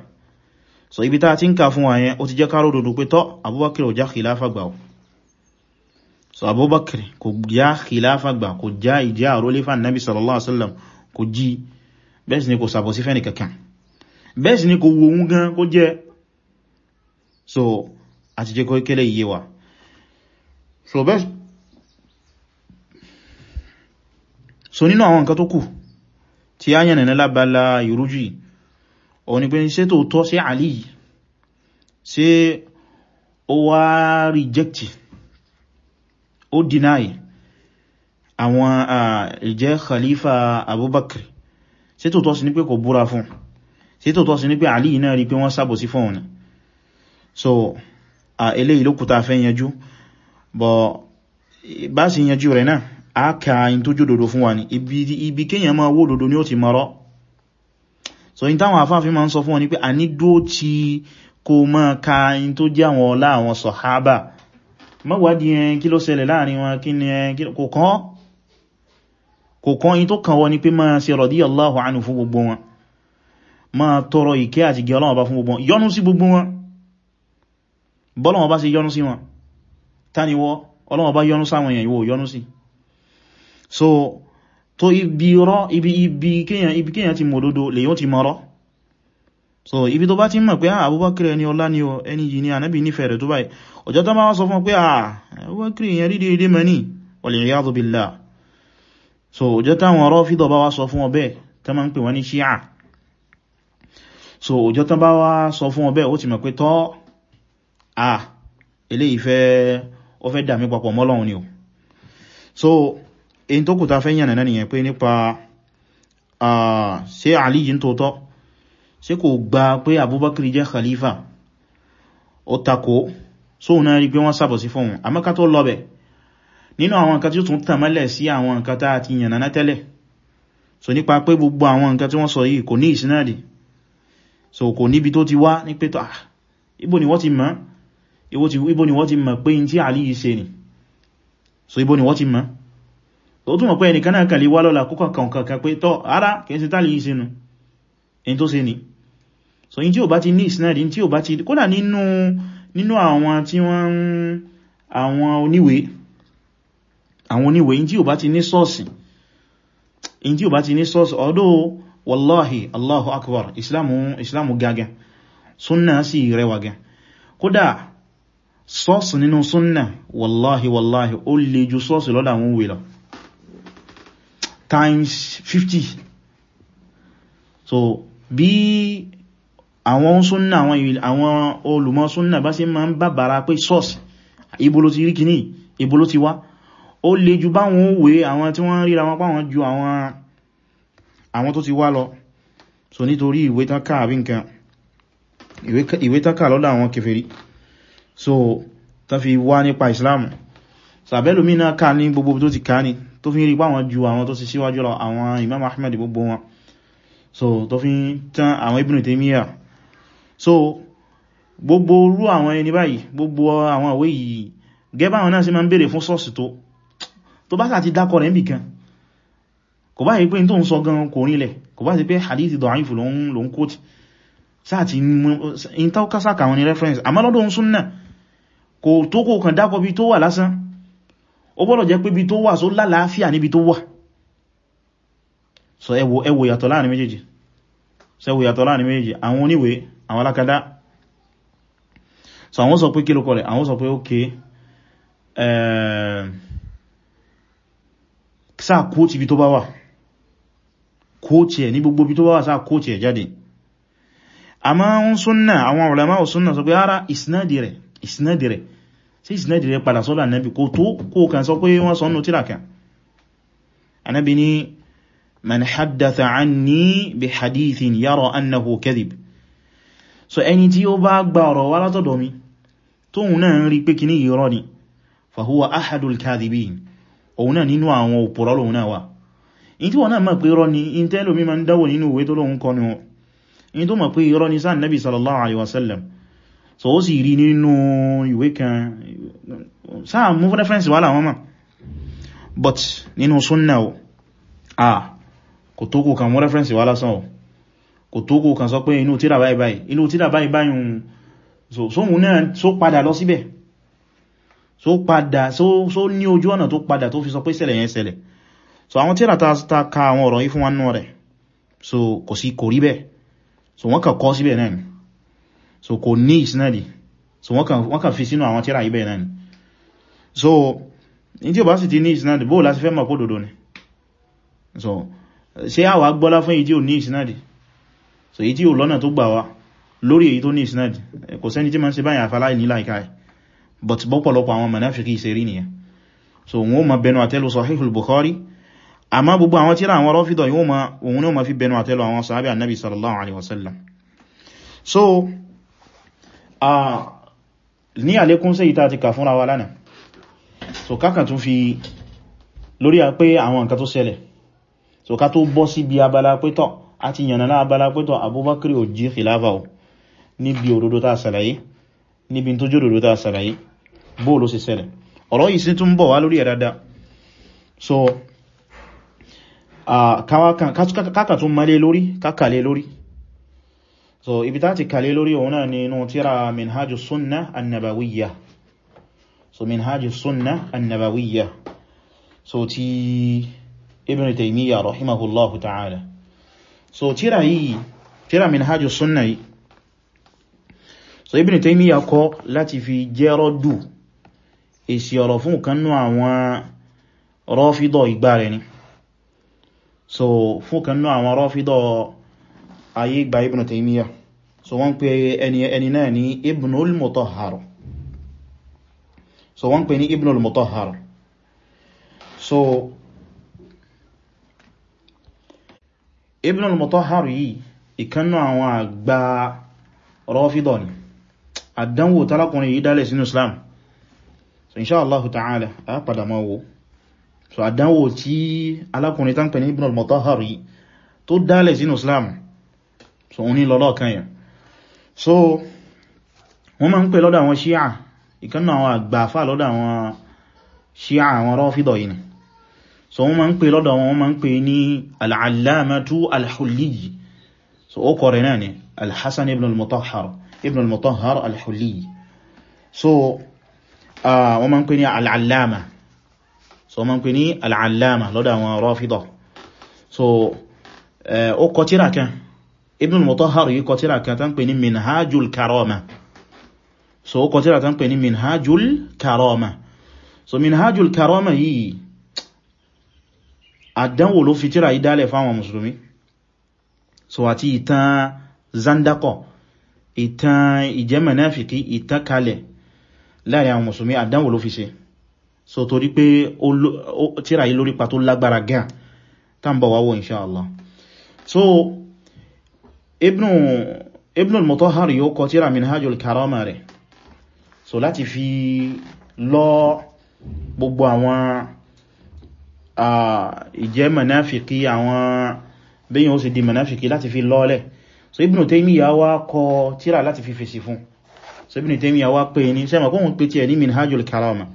so ibi tá ti ń ká fún wa yẹn ó ti jẹ́ ká ródòdó pé tọ́ Abubakar ò já khilafa gbà so abubakar kò já khilafa gbà kò já ìjá àrólé fà nábi sallallahu alaihi wasallam kò jí bẹ́ẹ̀ ni kò sàbọ̀ sí fẹ́ni kankan bẹ́ẹ̀ ni kò wo ohun gan kó so ati jẹ́ kọ́ kẹ́lẹ̀ iye wa so bes so nínú àwọn nǹkan tó kù tí nene la bala ìrújú oni pé ṣe tó tọ́ sí àlì sí ó wá rejecti ó deny àwọn ìjẹ́ khalifa abubakar ṣé tó tọ́ sí ní pé kò búra fún ṣé tó tọ́ sí ní pé ali náà rí pé wọ́n sábò sí fún so eléyìí ló kù tá fẹ́ yanjú bọ̀ bá sì yanjú rẹ̀ náà a kà in tó jódodo fún wa ní ibi kíyàn máa wó dodo ni ó ti mọ́rọ́ so in táwọn afáfin ma ń sọ fún wọn ni pé a ní dó ti kó máa ka in tó jẹ́ àwọn ọlá àwọn sọ̀hábà má wádìí ẹn kí ló ṣẹlẹ̀ láàrin wọn kí ni ẹn kò kán kò kán yí tó kàn wọ́n ni pé máa ṣe radiyallahu anhu fún gbogbo wọn máa tọrọ ìkẹ́ àti gẹ́ ọlọ́wọ́ bá fún gbogbo wọn yọ́nú sí gbogbo wọn bọ́lọ́wọ́ bá ṣe yọ́nú sí wọn tániwọ́ ọlọ́wọ́ bá yọ́nú sáwọn èèyàn ìwò so tó ibi ibi ibi kíyàn ti mọ̀ òdodo lèyàn so ibi tó bá ti mọ̀ pé ah Abubakar ẹni ọlá ni o ẹni yìí ni Ànábì nífẹ̀ẹ́ rẹ̀ tó báyìí ọjọ́ tó bá wá sọ fún pé ah Abubakar yẹn rí déédé mọ́ ní wal-iyadhu billah so ọjọ́ táwọn Rāfidah bá wá sọ fún ọbẹ̀ tó máa ń pè wọ́n ní Shia so ọjọ́ tó bá wá sọ fún ọbẹ̀ ó ti mọ̀ pé tọ́ ah eléyìí fẹ́ ó fẹ́ o so èyí tó kù ta fẹ́ yànnà nìyẹn pé nípa ah, ṣé Àlí yìí ṣé kò gba pé abubakar jẹ́ khalifa ó so sóhun náà rí pé wọ́n sàbọ̀ sí fóun àmọ́ká tó lọ́bẹ̀ nínú àwọn nǹkan tí ó tún tàmẹ́lẹ̀ sí àwọn nǹkan tá àti yànnà tẹ́lẹ̀ so nípa pé gbogbo àwọn nǹkan tí wọ́n sọ yìí kò ní ìsinádì so kò níbi tó ti wá ní pé tó ah ibo ni wọ́n ti mọ̀ ibo ni wọ́n ti mọ̀ pé in tí àlì yìí ni so ibo ni wọ́n ti mọ̀ tó túnmọ̀ pé ẹnìkan náà kàn lè wá lọ́la kókàn kankan pé tó ara kìí ṣe tálì yìí ṣe nu in tó ṣe ni so in tí ó bá ti ní ìsinadi tí ó bá ti kódà nínú nínú àwọn tí wọ́n àwọn oníwèé àwọn oníwèé in tí ó bá ti ní sọ́ọ̀sì in tí ó bá ti ní sọ́ọ̀sì ọ̀dọ́ wallahi allahu akbar islamu islamu gaga sunna si rewa gan kódà sọ́ọ̀sì nínú súnnà wallahi wallahi ó lè ju sọ́ọ̀sì lọ́dà àwọn òwe lọ times 50 so bí àwọn súnnà àwọn olùmọ̀ súnnà bá sí ma ń bàbára pé sọ́ọ̀sì ibolo ti rí kìíní ibolo ti wá ó lè ju báwọn òwe àwọn tí wọ́n ríra wọn páwọn ju àwọn tó ti wá lọ so nítorí ìwé tánkà àbí nǹkan ìwé tánkà lọ́dọ̀ àwọn kèfèrí so tán fi wá nípa ìsìláàmù sàbẹ́lùmínà ká ní gbogbo tó ti ká ní tó fi rí páwọn ju àwọn tó ti síwájú lọ àwọn Imam Ahmad gbogbo wọn so tó fi tán àwọn Ibn Taymiyyah so gbogbo orú àwọn ẹni báyìí gbogbo àwọn àwé yìí gẹ́bà àwọn náà ṣe máa ń bèèrè fún sọ́ọ̀sì tó tó bá sàti dákọ̀ rẹ̀ nìkan kò bá yí pé tó ń sọ gan kò rílẹ̀ kò bá sí pé hadithi dọ̀áìfù ló ń kóòtì sáàtì in tó kásàkà wọn ni reference àmọ́ lọ́dọ̀ ń súnnà kò tó kò kàn dákọ̀ bí tó wà lásán ó gbọ́dọ̀ jẹ́ pé bí tó wà só lálàáfíà níbi tó wà so ẹwò yàtọ̀ láàrin méjèèjì àwọn oníwèé àwọn alákadá so àwọn sọ pé kí lókọ rẹ̀ àwọn sọ pé ókè eh, sáà kóòtì bí tó bá wà kóòtì ẹ̀ ní gbogbo bí tó bá wà sáà kóòtì ẹ̀ jáde a máa ń súnnà àwọn ulama ò súnnà sọ pé ara ìsinádì rẹ̀ sí ìsinádì rẹ̀ padà sọ́dọ̀ Ànábì kò tó kó kàn sọ pé wọ́n sọ annahu kadhib so ẹni tí ó bá gba ọ̀rọ̀ wá látọ̀dọ̀ mi tóhun náà ń rí pé kí ní irọ́ ni fahuwa ahadul kadhibin òun náà nínú àwọn òpùrọ́ lòun náà wà in tí wọ́n náà mọ̀ pé irọ́ ni in tẹ́lò mi máa ń dáwò nínú ìwé tó lóun kọ ni wọn so ó sì rí nínú ìwé kan reference wà láwọn but nínú sunna o ah kò reference wà lásán kò tó kò kàn sọ pé inú tíra báyìí báyìí inú tíra báyìí báyìí un so so mú náà so padà lọ síbẹ̀ so padà so so ní ojú ọ̀nà tó padà tó fi sọ pé ṣẹlẹ̀ yẹn ṣẹlẹ̀ so àwọn tíra ta ta ka àwọn ọ̀rọ̀ yìí fún wa rẹ̀ so kò sí kò rí bẹ́ẹ̀ so wọ́n kàn kọ síbẹ̀ náà ni so kò ní ìsinadi so wọ́n kàn wọ́n kàn fi sínú àwọn tíra yìí bẹ́ẹ̀ náà ni so in tí ó bá sì ti ní ìsinadi bóò láti fẹ́ mọ̀ kó dòdò ni so ṣé àwà gbọ́lá fún ìdí ò ní ìsinadi so èyí tí ó lọ́nà tó gbà wá lórí èyí tó ní isnad kò sẹ́ni tí ma ń ṣe báyìí àfàlá ìní láìka ẹ̀ but bọ́pọ̀lọpọ̀ àwọn mùnáfíkì ìṣẹ́rí nìyẹn so wọ́n ma bẹnu àtẹ́lù sahihul bukhari àmá gbogbo àwọn tíra àwọn rọ́fídọ̀ yóò ma òun ní o ma fi bẹnu sallallahu alaihi wasallam so a ní àlékún sí ìta so kákà tún fi lórí pé àwọn nǹkan so ká tó bọ́ sí bí abala pé àti yànnàná abala pẹ́tọ̀ abubakar ò jí khilafa o níbi òdodo ta sàlàyé níbi tó jẹ́ òdodo ta sàlàyé bóòlù sí ṣẹlẹ̀ ọ̀rọ̀ yìí sí tún bọ̀ wá lórí ẹ̀dada so káàkà tún malé lórí káàkàlé lórí so ibi tá ti kàlé lórí òun náà ni inú tíra minhajus sunna annabawiyya so minhajus sunna annabawiyya so ti ibn taymiyya rahimahullahu ta'ala so tírà yìí tírà Minhaju Sunna yìí so Ibn Taymiyyah kọ láti fi jẹ́rọ dù èsì ọ̀rọ̀ fún kanú àwọn Rāfidah ìgbà rẹ̀ ni so fún kanú àwọn Rāfidah ayé ìgbà Ibn Taymiyyah so wọ́n pè ẹni ẹni náà ní Ibnul so wọ́n pè ní Ibnul so Ibn al-Mutahhar yìí ìkannú àwọn àgbà Rāfidah ni àdánwò tálákùnrin yìí dálẹ̀ sínú Islam so insha Allah ta'ala a padà máa wo so àdánwò tí alákùnrin tán pẹ̀ ní Ibn al-Mutahhar yìí tó dálẹ̀ sínú Islam so òun ní lọ́lọ́ kan yẹn so wọ́n máa ń pè lọ́dọ̀ àwọn Shia ìkannú àwọn àgbà àfà lọ́dọ̀ àwọn Shia àwọn Rāfidah yìí ni so wọ́n ma ń pè lọ́dọ̀ wọn wọ́n ma ń pè ní al'alamatu al-hulli so ó kọrẹ náà ni al-hassan ibn al-mutahhar ibn al-mutahhar al-hulli so wọ́n ma ń pè ní al'alama so wọ́n ma ń pè ní al'alama lọ́dọ̀ àwọn rafida so ó kọ kan ibn al-mutahhar yí kọ kan tán pè ní minhajul karama so ó kọ tán pè ní minhajul karama so minhajul karama yìí àdánwò ló fi tíra ìdálẹ̀ fáwọn mùsùlùmí so àti ìtàn zandakọ ìtàn ìjẹ́mẹ̀náfìkí ìtàn kalẹ̀ láàrin àwọn mùsùlùmí àdánwò ló fi ṣe so torí pé tíra yìí lórí pa tó lágbára gan tàbí wáwọ́ inṣáàlá so ibnu ibnu al-mutahhar yóò kọ tíra minhajul karama rẹ̀ so láti fi lọ gbogbo àwọn ìjẹ́ manáfikí àwọn bẹ́yìn ó sì di manáfikí láti fi lọ́ọ̀lẹ̀ so Ibn Taymiyyah wá kọ tírà láti fi fèsì fún so Ibn Taymiyyah wá pè ní sẹ́mà kóhun pé tí ẹ̀ ní minhajul kalama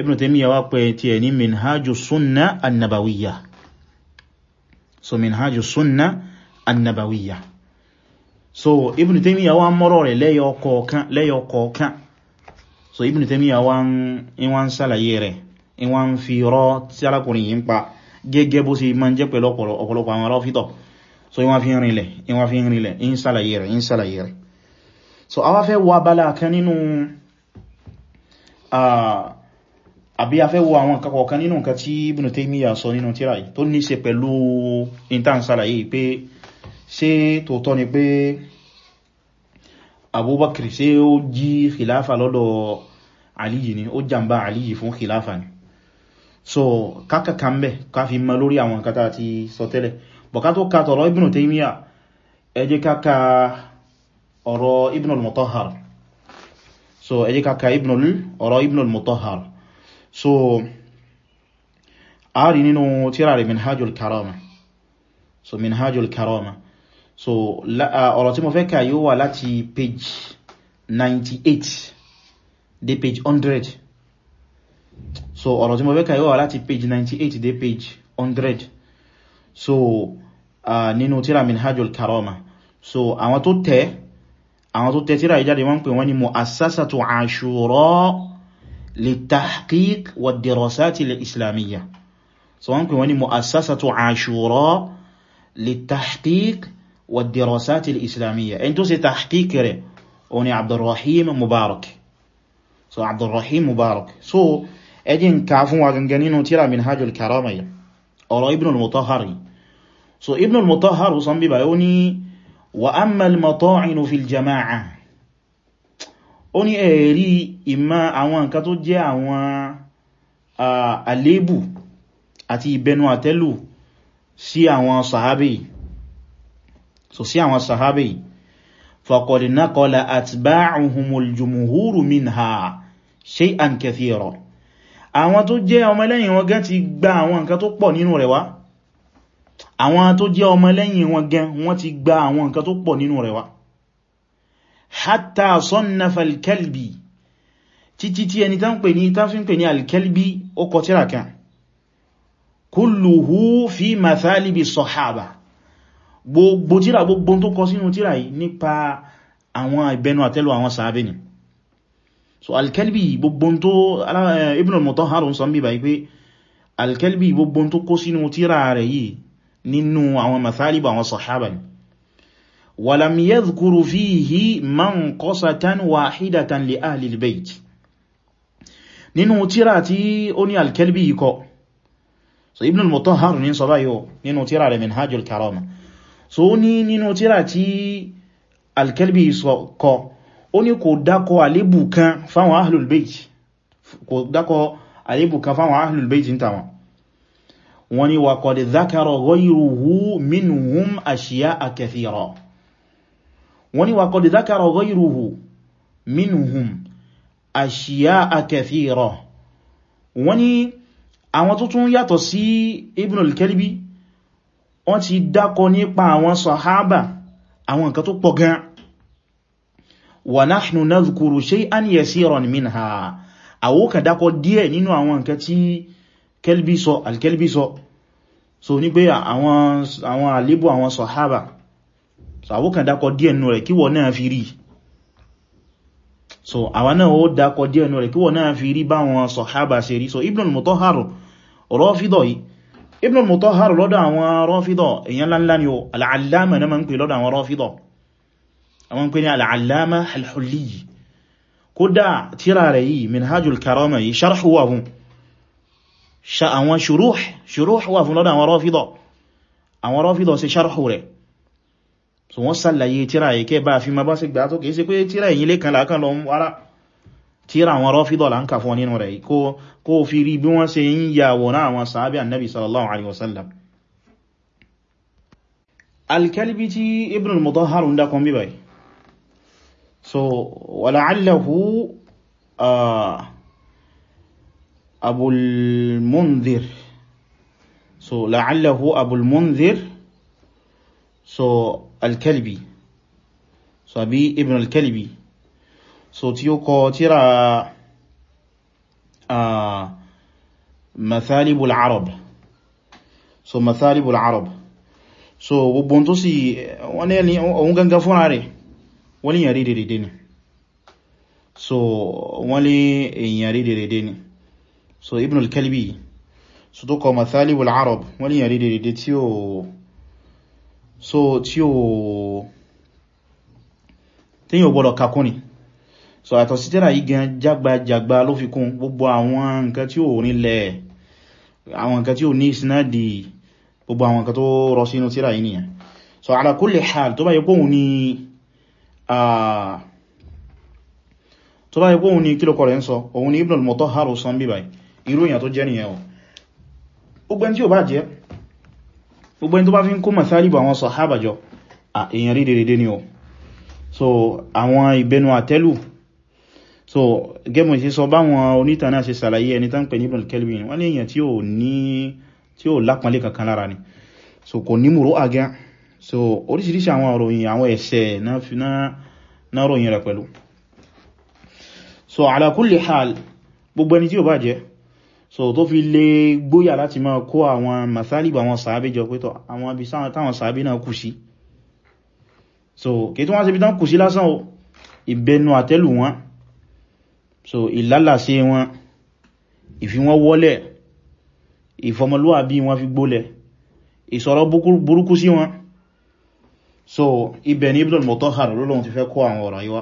Ibn Taymiyyah wá pè tí ẹ̀ ní minhajus sunna annabawiyya so minhajus sunna annabawiyya so Ibn Taymiyyah wá mọ́rọ̀ rẹ̀ lẹ́yọ kọ̀ọ̀kan lẹ́yọ kọ̀ọ̀kan so Ibn Taymiyyah wá ń ṣàlàyé rẹ̀ ìwọ́n ń fi rọ́ tí alákùnrin yìí ń pa gẹ́gẹ́ bó sì máa ń jẹ́ pẹ̀lú ọ̀pọ̀lọpọ̀ àwọn rọ́fítọ̀ so ìwọ́n fi rinlẹ̀ ìwọ́n fi rinlẹ̀ in sàlàyé rẹ̀ in sàlàyé rẹ̀ so a wá fẹ́ wo abala kan nínú àbí a fẹ́ wo àwọn kakọ̀ kan nínú nǹkan tí Ibn Taymiyyah sọ nínú tírà yìí tó ní ṣe pẹ̀lú intan sàlàyé pé ṣé tòótọ́ ni pé Abubakar ṣé ó jí khilafa lọ́dọ̀ Aliyi ni ó jàmbá Aliyi fún khilafa ni so kákàkà mẹ́ ká fi mọ́ lórí àwọn nǹkan ti sọ tẹ́lẹ̀ bọ̀ ká tó ká tọ̀rọ Ibn Taymiyyah ẹ jẹ́ ká ka ọ̀rọ̀ al-Mutahhar so ẹ jẹ́ ibnu al ọ̀rọ̀ ibnu al-Mutahhar so a rí nínú tírà rẹ̀ Minhajul Karama so Minhajul Karama so ọ̀rọ̀ tí mo fẹ́ ká yóò wà láti page 98 de page 100 so ọ̀rọ̀ tí mo fẹ́ kàíwà láti page 98 dé page 100 so uh, nínú tíra Minhajul Karama so àwọn tó tẹ̀ àwọn tó tẹ̀ tíra ìjáde wọ́n pè wọ́n ni to Ashura litahqiq wa dirasati al-islamiyya so wọ́n pè wọ́n ni Mu'assasatu Ashura litahqiq wa dirasati al-islamiyya ẹni tó ṣe tahqiq rẹ̀ òun ni Abdurrahim Mubarak so Abdurrahim Mubarak so ẹjí ń ká fún wa gangan nínú tíra Minhajul Karama yìí ọ̀rọ̀ Ibn al-Mutahhari so Ibn al-Mutahhari sọ bíbá ó ní wa amma al-mata'inu fil jama'a ó ní ẹ̀rí ìmá àwọn nǹkan tó jẹ́ àwọn àlébù àti ìbẹnu àtẹ́lù sí àwọn sahabi so sí àwọn sahabi faqad naqala atba'uhumul jumhuru minha shay'an àwọn tó jẹ́ ọmọlẹ́yìn wọn gan ti gba àwọn nǹkan tó pọ̀ nínú rẹ̀ wá àwọn tó jẹ́ ọmọlẹ́yìn wọn gan wọ́n ti gba àwọn nǹkan tó pọ̀ nínú rẹ̀ wá hatta sannafa al-kalbi títí tí ẹni tán pè ní tánfín pè ní al-kalbi ó kọ tírà kan kulluhu fi mathalibi sahaba gbogbo tírà gbogbo tó kọ sínú tírà yìí nípa àwọn ìbẹnu àtẹ́lù àwọn sàábẹ́ ni so alkelbi gbogbo tó eh, Ibn al-Mutahhar ń sọ bí báyìí pé alkelbi gbogbo tó kó sínú tíra rẹ̀ yìí nínú àwọn mathalib àwọn sahaba ni walam yadhkuru fihi manqasatan wahidatan li ahli al-bayt nínú tíra tí ó ní alkelbi so Ibn al-Mutahhar ní sọ báyìí nínú tíra rẹ̀ Minhajul Karama so ní nínú tíra tí alkelbi kọ ó ní kò dákọ àlébù kan fáwọn ahlul bayt kò dákọ àlébù kan fáwọn ahlul bayt ń tàwọn wọ́n ní wa qad dhakara ghayruhu minhum ashya'a kathira wọ́n ní wa qad dhakara ghayruhu minhum ashya'a kathira wọ́n ní àwọn tó tún yàtọ̀ sí ibn al-kalbi wọ́n ti dákọ nípa àwọn sahaba àwọn nǹkan tó pọ̀ gan wa nahnu nadhkuru shay'an yasiran minha àwọ́ kà dákọ díẹ̀ nínú àwọn nǹkan tí kẹlbí sọ alkẹlbí sọ so ní pé àwọn àlébù àwọn sọ̀hábà so àwọ́ kà dákọ díẹ̀ nínú rẹ̀ kíwọ náà fi rí so àwa náà ó dákọ díẹ̀ nínú rẹ̀ kíwọ náà fi rí báwọn sọ̀hábà ṣe rí so Ibn al-Mutahhar yìí Ibn al lọ́dọ̀ àwọn Rāfidah èèyàn láńlá ni ó al-Allāmah àwọn ń pè ní al-Allama al-Hulli kódà tíra rẹ̀ yìí Minhajul Karama yìí sharhu wà fún àwọn shuruh shuruh wà fún lọ́dọ̀ àwọn Rāfidah àwọn Rāfidah ṣe sharhu rẹ̀ so wọ́n sàlàyé tíra yìí kẹ́ bá fi ma bá sí gbà tó kìí sí pé tíra yìí lè kan lákan lọ wárá tíra àwọn Rāfidah là ń kà fún nínú rẹ̀ kó fi rí bí wọ́n ṣe ń yàwòrán àwọn sàábí annabi sallallahu alaihi wasallam al Ibn al-Mudahhar ń dákan So, ولعله uh, أبو المنذر So, لعله أبو المنذر So, الكلبي So, أبي ابن الكلبي So, tí ó kọ tíra uh, مثالب العرب So, مثالب العرب So, gbogbo tó sì wọ́n ní ẹni òun gangan fúnra rẹ̀ wọ́n ní yàrí dèrèdè ni so wọ́n lè yàrí dèrèdè ni so Ibn al-Kalbi so tó kọ Mathalib al-Arab wọ́n ní yàrí dèrèdè tí ó so tí ó tí yíò gbọ́dọ̀ kakún ni so àtọ̀ sí tẹ́rà yìí gan jágbàjàgbà ló fi kún gbogbo àwọn nǹkan tí ó nílẹ̀ àwọn nǹkan gbogbo àwọn nǹkan tó rọ sínú tẹ́rà yìí nìyàn so ala kulli hal tó bá yẹ ni Ah, tó bá ipò òun ni kílòkọ̀ rẹ̀ ń sọ òun ni Ibn al-Mutahhar san bíbà irú èyàn tó jẹ́ nìyẹn o ọgbẹ́ni tí ó bá jẹ́ ọgbẹ́ni tó bá fi ń kó masálìbù àwọn sàhábà jọ èyàn rí dédé ni o so àwọn ìbẹnu àtẹ́lù so gẹ́mù sí sọ báwọn onítàn náà ṣe sàlàyé ẹni tán pè ní Ibn al-Kalbi wọ́n ní èyàn tí ó ní tí kankan lára ni so kò ní múrò àgán so oríṣiríṣi àwọn ìròyìn àwọn ẹ̀ṣẹ̀ náà ròyìn rẹ̀ pẹ̀lú so ala kulli hal gbogbo ẹni tí ó bá jẹ́ so tó fi lè gbóyà láti máa kó àwọn masalib àwọn sàábé jọ pẹ́tọ̀ àwọn ibi táwọn sàábé náà so kì tí wọ́n ṣe bí tán kù sí wọn so ìlálàsí wọn ìfi wọn wọ́lẹ̀ ìfọmọlúwàbí wọn fi gbólẹ̀ ìsọ̀rọ̀ burúkú sí wọn so ibẹ̀ ni Ibn al-Mutahhar lọ́lọ́run ti fẹ́ kó àwọn ọ̀rọ̀ yíwá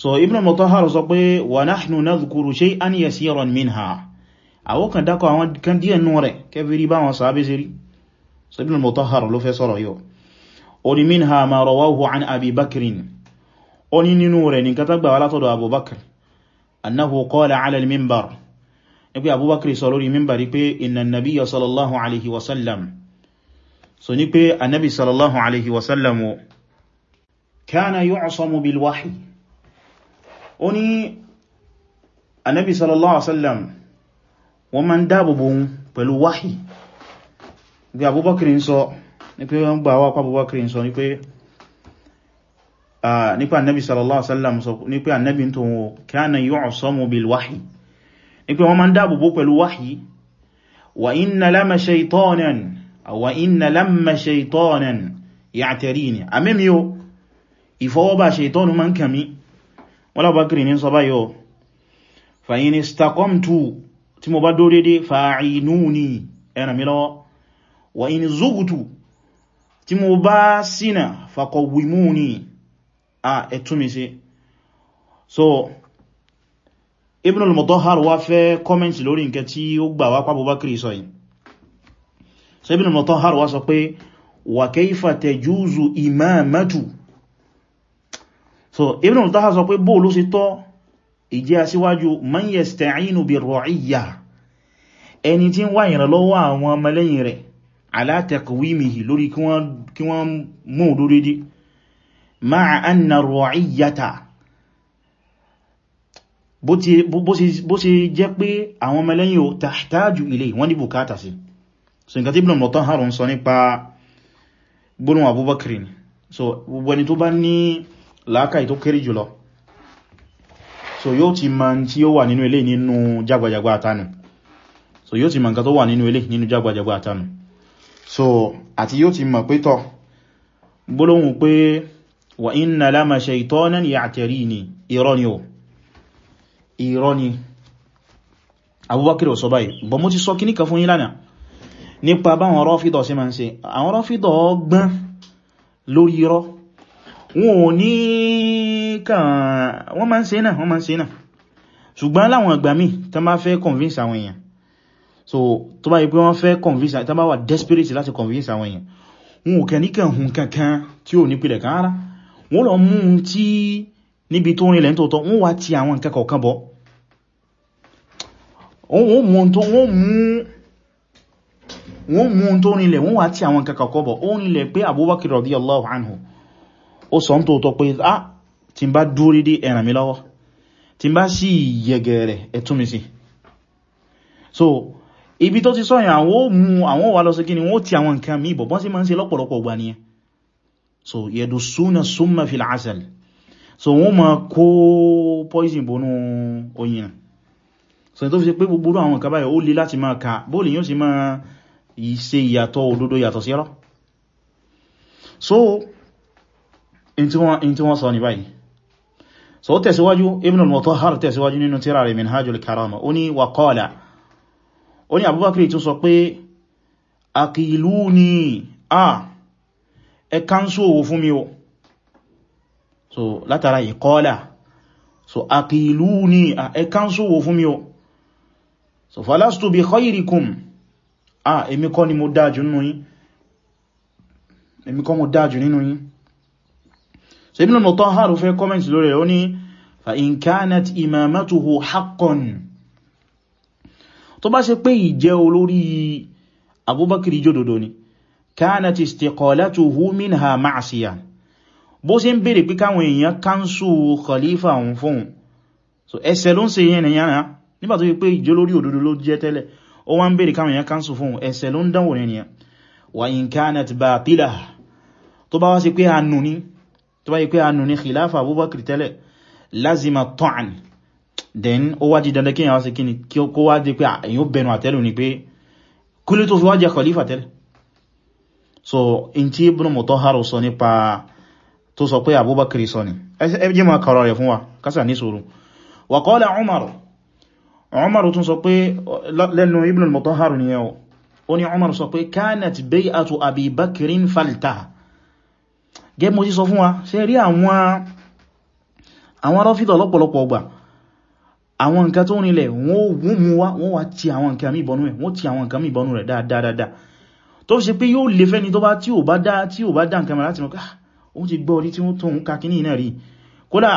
so Ibn al-Mutahhar sọ pé wa nahnu nadhkuru shay'an yasiran minha àwọn kan dákọ̀ àwọn kan díẹ̀ nú rẹ̀ kẹfìrí so Ibn al-Mutahhar ló fẹ́ sọ̀rọ̀ yíò ó ní minha ma rawahu an Abi Bakrin ó ní nínú rẹ̀ ní kátàgbà wá látọ̀dọ̀ Abu Bakr annahu qala ala al-minbar ni pé so ní pé anabi sallallahu alaihi wasallam kana yu'samu bil wahyi ó ní anabi sallallahu alaihi wasallam wọ́n ma ń dáàbòbò ohun pẹ̀lú wahyi bí abubakar ń sọ ní pé wọ́n gbà wápá abubakar ń sọ ní pé ah, ní pé anabi sallallahu alaihi wasallam sọ ní pé anabi tó wọ́n kana yu'samu bil wahyi ní pé wọ́n ma ń dáàbòbò pẹ̀lú wahyi wa inna lama shaytanan àwà inna lamma shaitanan ya'tarini amẹ́mi o ìfọwọ́bà shaitanu ma ń kàmí wọ́n lábákiri ní sọ báyọ̀ fa in istaqamtu tí mo bá dórédé fa'inuni ẹ̀ràn mi lọ́wọ́ wa in zughtu tí mo bá sínà faqawwimuni a ẹ̀túnmi so Ibn Mutahhar wá sọ pé wa kayfa tajuzu imamatu so Ibn Mutahhar sọ pé bó ló sì tọ́ ìjẹ́ aṣíwájú man yasta'inu bir-ra'iyya ẹni tí ń wá ìrànlọ́wọ́ àwọn ọmọlẹ́yìn rẹ̀ ala taqwimihi lórí kí wọ́n mú lórí dí ma'a anna ar-ra'iyyata bó ṣe jẹ́ pé àwọn ọmọlẹ́yìn ò tahtaju ilayhi wọ́n ní bùkátà sí so nǹkan tí Ibn Mutahhar ń sọ nípa gbónú Abubakar ni so gbogbo ẹni tó bá ní làákàí tó kéré jùlọ so yóò ti ma tí ó wà nínú ilé nínú jagbajagba àtànù so yóò ti ma nǹkan tó wà nínú ilé nínú jagbajagba àtànù so àti yóò ti mọ̀ pé tọ́ gbólóhùn pé wa inna lama shaytanan ya'tarini irọ́ ni o irọ́ ni Abubakar ò sọ báyìí bọ̀ mo ti sọ kíníkà fún yín lánàá nípa báwọn rọ́fídọ̀ sí ma ń ṣe àwọn rọ́fídọ̀ gbọ́n lórí irọ́ wọn ò ní kàn wọ́n ma ń ṣe náà wọ́n ma ń ṣe náà ṣùgbọ́n láwọn ìgbà míì tó bá fẹ́ convince àwọn èèyàn so tó bá yí pé wọ́n fẹ́ convince tó bá wà desperate láti convince àwọn èèyàn wọn ò kẹ́ ní kàn hun kankan tí ò nípìlẹ̀ kan ara wọ́n lọ mú un tí níbi tó rìnlẹ̀ tó tọ́ wọ́n wá ti àwọn nǹkan kọ̀ọ̀kan bọ́ wọ́n mú wọ́n mú tó nílẹ̀ wọ́n wá tí àwọn kankan kọ́bọ̀ ó nílẹ̀ pé Abubakar radiyallahu anhu ó sọ ń tóótọ́ pé a ah, ti bá dúrí dí ẹ̀ràn mi lọ́wọ́ ti bá sí yẹgẹrẹ ẹ̀tún so ibi tó ti sọ́yìn àwọn mú àwọn wà lọ sí kí ni wọ́n ti so yẹ̀dù súnà súnmà fil so wọ́n ma kó poison bónú oyin so tó fi ṣe pé gbogbo àwọn nǹkan ó le láti máa ka bóòlì yóò sì máa ìṣe ìyàtọ̀ òdodo yàtọ̀ sí ọ̀rọ̀ so in tí wọ́n sọ ní báyìí so tẹ̀síwájú ibn al-mutahhar tẹ̀síwájú nínú tírà rẹ̀ minhajul karama ó ní wa qala ó ní abubakar tún sọ pé aqiluni a ẹ kánsù owó fún mi o so látara ìkọ́lá so aqiluni a ẹ kánsù owó fún mi o so falastu bi khairikum ah èmi kọ́ ni mo dájú nínú yín èmi kọ́ mo dájú nínú yín so Ibn Mutahhar fẹ́ kọ́mẹ̀ntì lórí rẹ̀ ó ní fa in kanat imamatuhu haqqan tó bá ṣe pé ìjẹ́ olórí Abubakar jódodo ni kanat istiqalatuhu minha ma'siya bó ṣe ń bèèrè pé káwọn èèyàn káńsù khalifa òun so ẹsẹ̀ ló ń ṣe yẹn nìyàn nígbà pé ìjẹ́ olórí òdodo ló jẹ́ tẹ́lẹ̀ ó wá ń bèèrè káwọn èèyàn káńsù fún ẹsẹ̀ ló ń dánwò ní ènìyàn wa in kanat batila tó bá wá sí pé ànú ní tó bá yí pé ànú ní khilafa Abubakar tẹ́lẹ̀ lazima ta'an then ó wá di dandan kí èèyàn wá sí kí ni kó wá di pé ni pé kúlé tó fi wá khalifa tẹ́lẹ̀ so in tí Ibn Mutahhar sọ nípa tó sọ pé Abubakar sọ ni ẹ jẹ́ máa kọ̀rọ̀ rẹ̀ fún wa kásà ní sòrò wa qala Umar Umar tún sọ pé lẹ́nu Ibn al-Mutahhar ni yẹn ó ní Umar sọ pé kanat bay'atu Abi Bakrin falta gẹ́ mo ti sọ fún wa ṣe rí àwọn àwọn rọ́fídọ̀ lọ́pọ̀lọpọ̀ ọgbà àwọn nǹkan tó nílẹ̀ wọ́n mú wá wọ́n wá ti àwọn nǹkan mìbọnú rẹ̀ wọ́n ti àwọn nǹkan mìbọnú rẹ̀ dáadáa tó fi ṣe pé yóò lè fẹ́ni tó bá tí ò bá dá tí ò bá dá nǹkan mẹ́rà láti mọ́ káà ó ti gbọ́ orí tí wọ́n tó ń kakíní náà rí kódà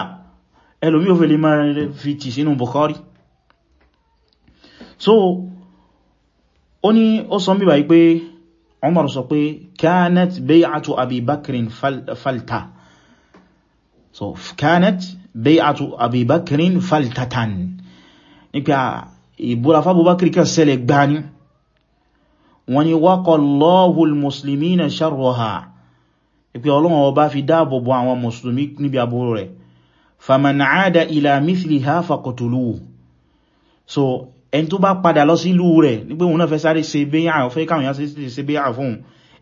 ẹlòmí ò fẹ́ lè máa fi tì sínú Bukhari so ó ní ó sọ mí báyìí pé Umar sọ pé kanat bay'atu Abi falta so kanat bay'atu Abi Bakrin faltatan nípa ìbúra fábúbákìrì kẹ́ sẹlẹ̀ gbani wọ́n ní waqallahu al-muslimina sharraha ìpé ọlọ́run ọba fi dáàbòbò àwọn mùsùlùmí níbi àbúrò rẹ̀ faman aada ila mithliha faqtuluhu so ẹni tó bá padà lọ sí ìlú rẹ̀ nígbé òun náà fẹ́ sáré ṣe bẹ́yà fẹ́ káwọn yásí ṣe bẹ́yà fún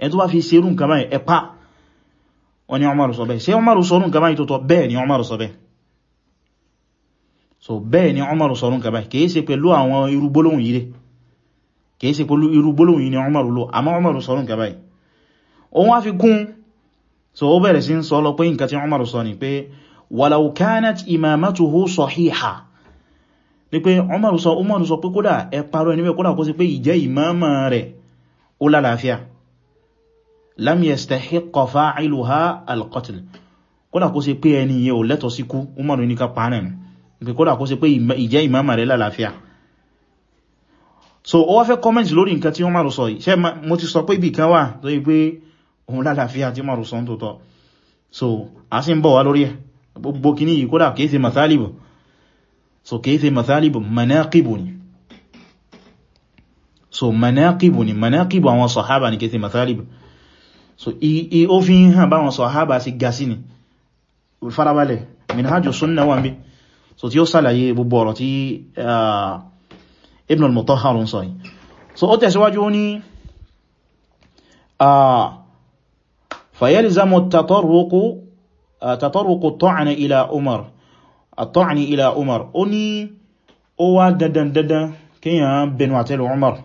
ẹni tó bá fi ṣe rún kàmáyì ẹpá wọn ni Umaru sọ bẹ́ẹ̀ ṣe Umaru sọ rún kàmáyì tó tọ́ bẹ́ẹ̀ ni Umaru sọ bẹ́ẹ̀ so bẹ́ẹ̀ ni Umaru sọ rún kàmáyì kìí ṣe pẹ̀lú àwọn irú gbólóhùn yìí kìí ṣe pẹ̀lú irú gbólóhùn yìí ni Umaru lò ní pé Umar sọ Umar sọ pé kódà ẹ parọ́ ẹni bẹ́ẹ̀ kódà kó sí pé ìjẹ́ ìmáàmà rẹ̀ ó lálàáfíà lam yastahiqqa fa'iluha al-qatl kódà kó sí pé ẹni yẹ ò lẹ́tọ̀ sí kú ní ká rẹ̀ so ó wá fẹ́ comment lórí nǹkan tí Umar sọ yìí ṣé mo ti sọ pé so a sì ń bọ̀ wá lórí ẹ̀ gbogbo kìíní yìí kódà kìí ṣe masálìbù so kìí ṣe mathalibu manaqibu ni so manaqibu ni manaqibu àwọn sahaba ni kìí ṣe mathalibu so i o fi hàn báwọn sahaba sí gasi ni farabalẹ̀ minhaju sunna wa nbi so tí ó ṣàlàyé gbogbo ọ̀rọ̀ tí ibn al-mutahhar ń sọ so ó tẹ̀síwájú ó ní fayelzamu tatarruqu tatarruqu ta'ana ila umar àtọ́ni ilá umar ó ní ó wá dandan dandan kíyàn bẹnu àtẹ́lù umar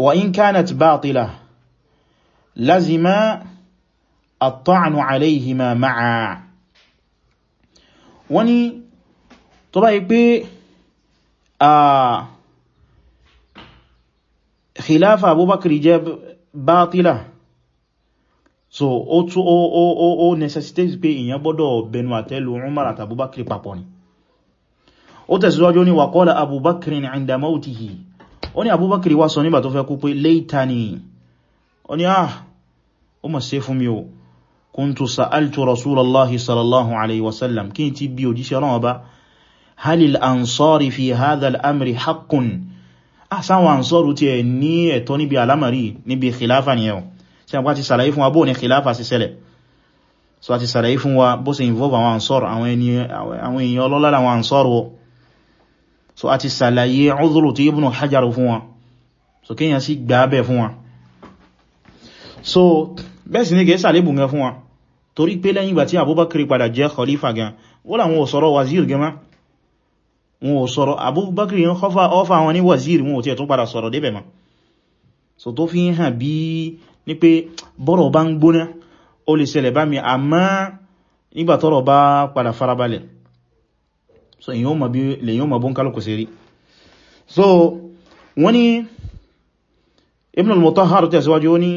wa in kanat batila lazima àtọ́nu alayhima ma'a wọ́n ní tó bá yí pé a khilafa abubakar jẹ́ batila so ó tún ó ó ó ó necessitate pé ìyẹn gbọ́dọ̀ bẹnu àtẹ́lù Umar àti Abubakar papọ̀ ni ó tẹ̀síwájú ní wàkọ́lá Abubakar ní inda mautihi ó ní Abubakar wá sọ nígbà tó fẹ́ kú pé laitani ó ní ah ó mọ̀ sí fún mi o kuntu sa'altu rasulallahi sallallahu alaihi wasallam kí n ti bí òjíṣẹ́ ọlọ́wọ́ bá halil ansari fi hadha al'amri haqqun ah sáwọn ansọ́rù ti ẹ̀ ní ẹ̀tọ́ níbi alamari níbi khilafa ni yau tí a bá ti sàlàyé fún wa bó ní khilafa sí ṣẹlẹ̀ so a ti sàlàyé fún wa bó ṣe involve àwọn ansọ́r àwọn èèyàn ọlọ́lára àwọn ansọ́r wọ so a ti sàlàyé udhuru tí Ibn Hajar fún wa so kíyàn sí gbábẹ̀ fún wa so bẹ́ẹ̀ sì ní kìí sàlébù gan fún wa torí pé lẹ́yìn ìgbà tí Abubakar padà jẹ́ khalifa gan wọ́n làwọn ò wazir gan má wọn ò sọ̀rọ̀ Abubakar yẹn ọfà àwọn ní wazir wọn ò tí ẹ̀ tún padà sọ̀rọ̀ débẹ̀ ma so tó fi hàn bí ní pé bọ́rọ̀ bá ń gbóná ó lè ṣẹlẹ̀ bá mi àmá nígbà tọ́rọ̀ bá padà farabalẹ̀ so èyàn mọ̀ bí lèyàn mọ̀ bó ń kálùkù sí rí so wọ́n ni Ibn al-Mutahhar tẹ̀síwájú ó ní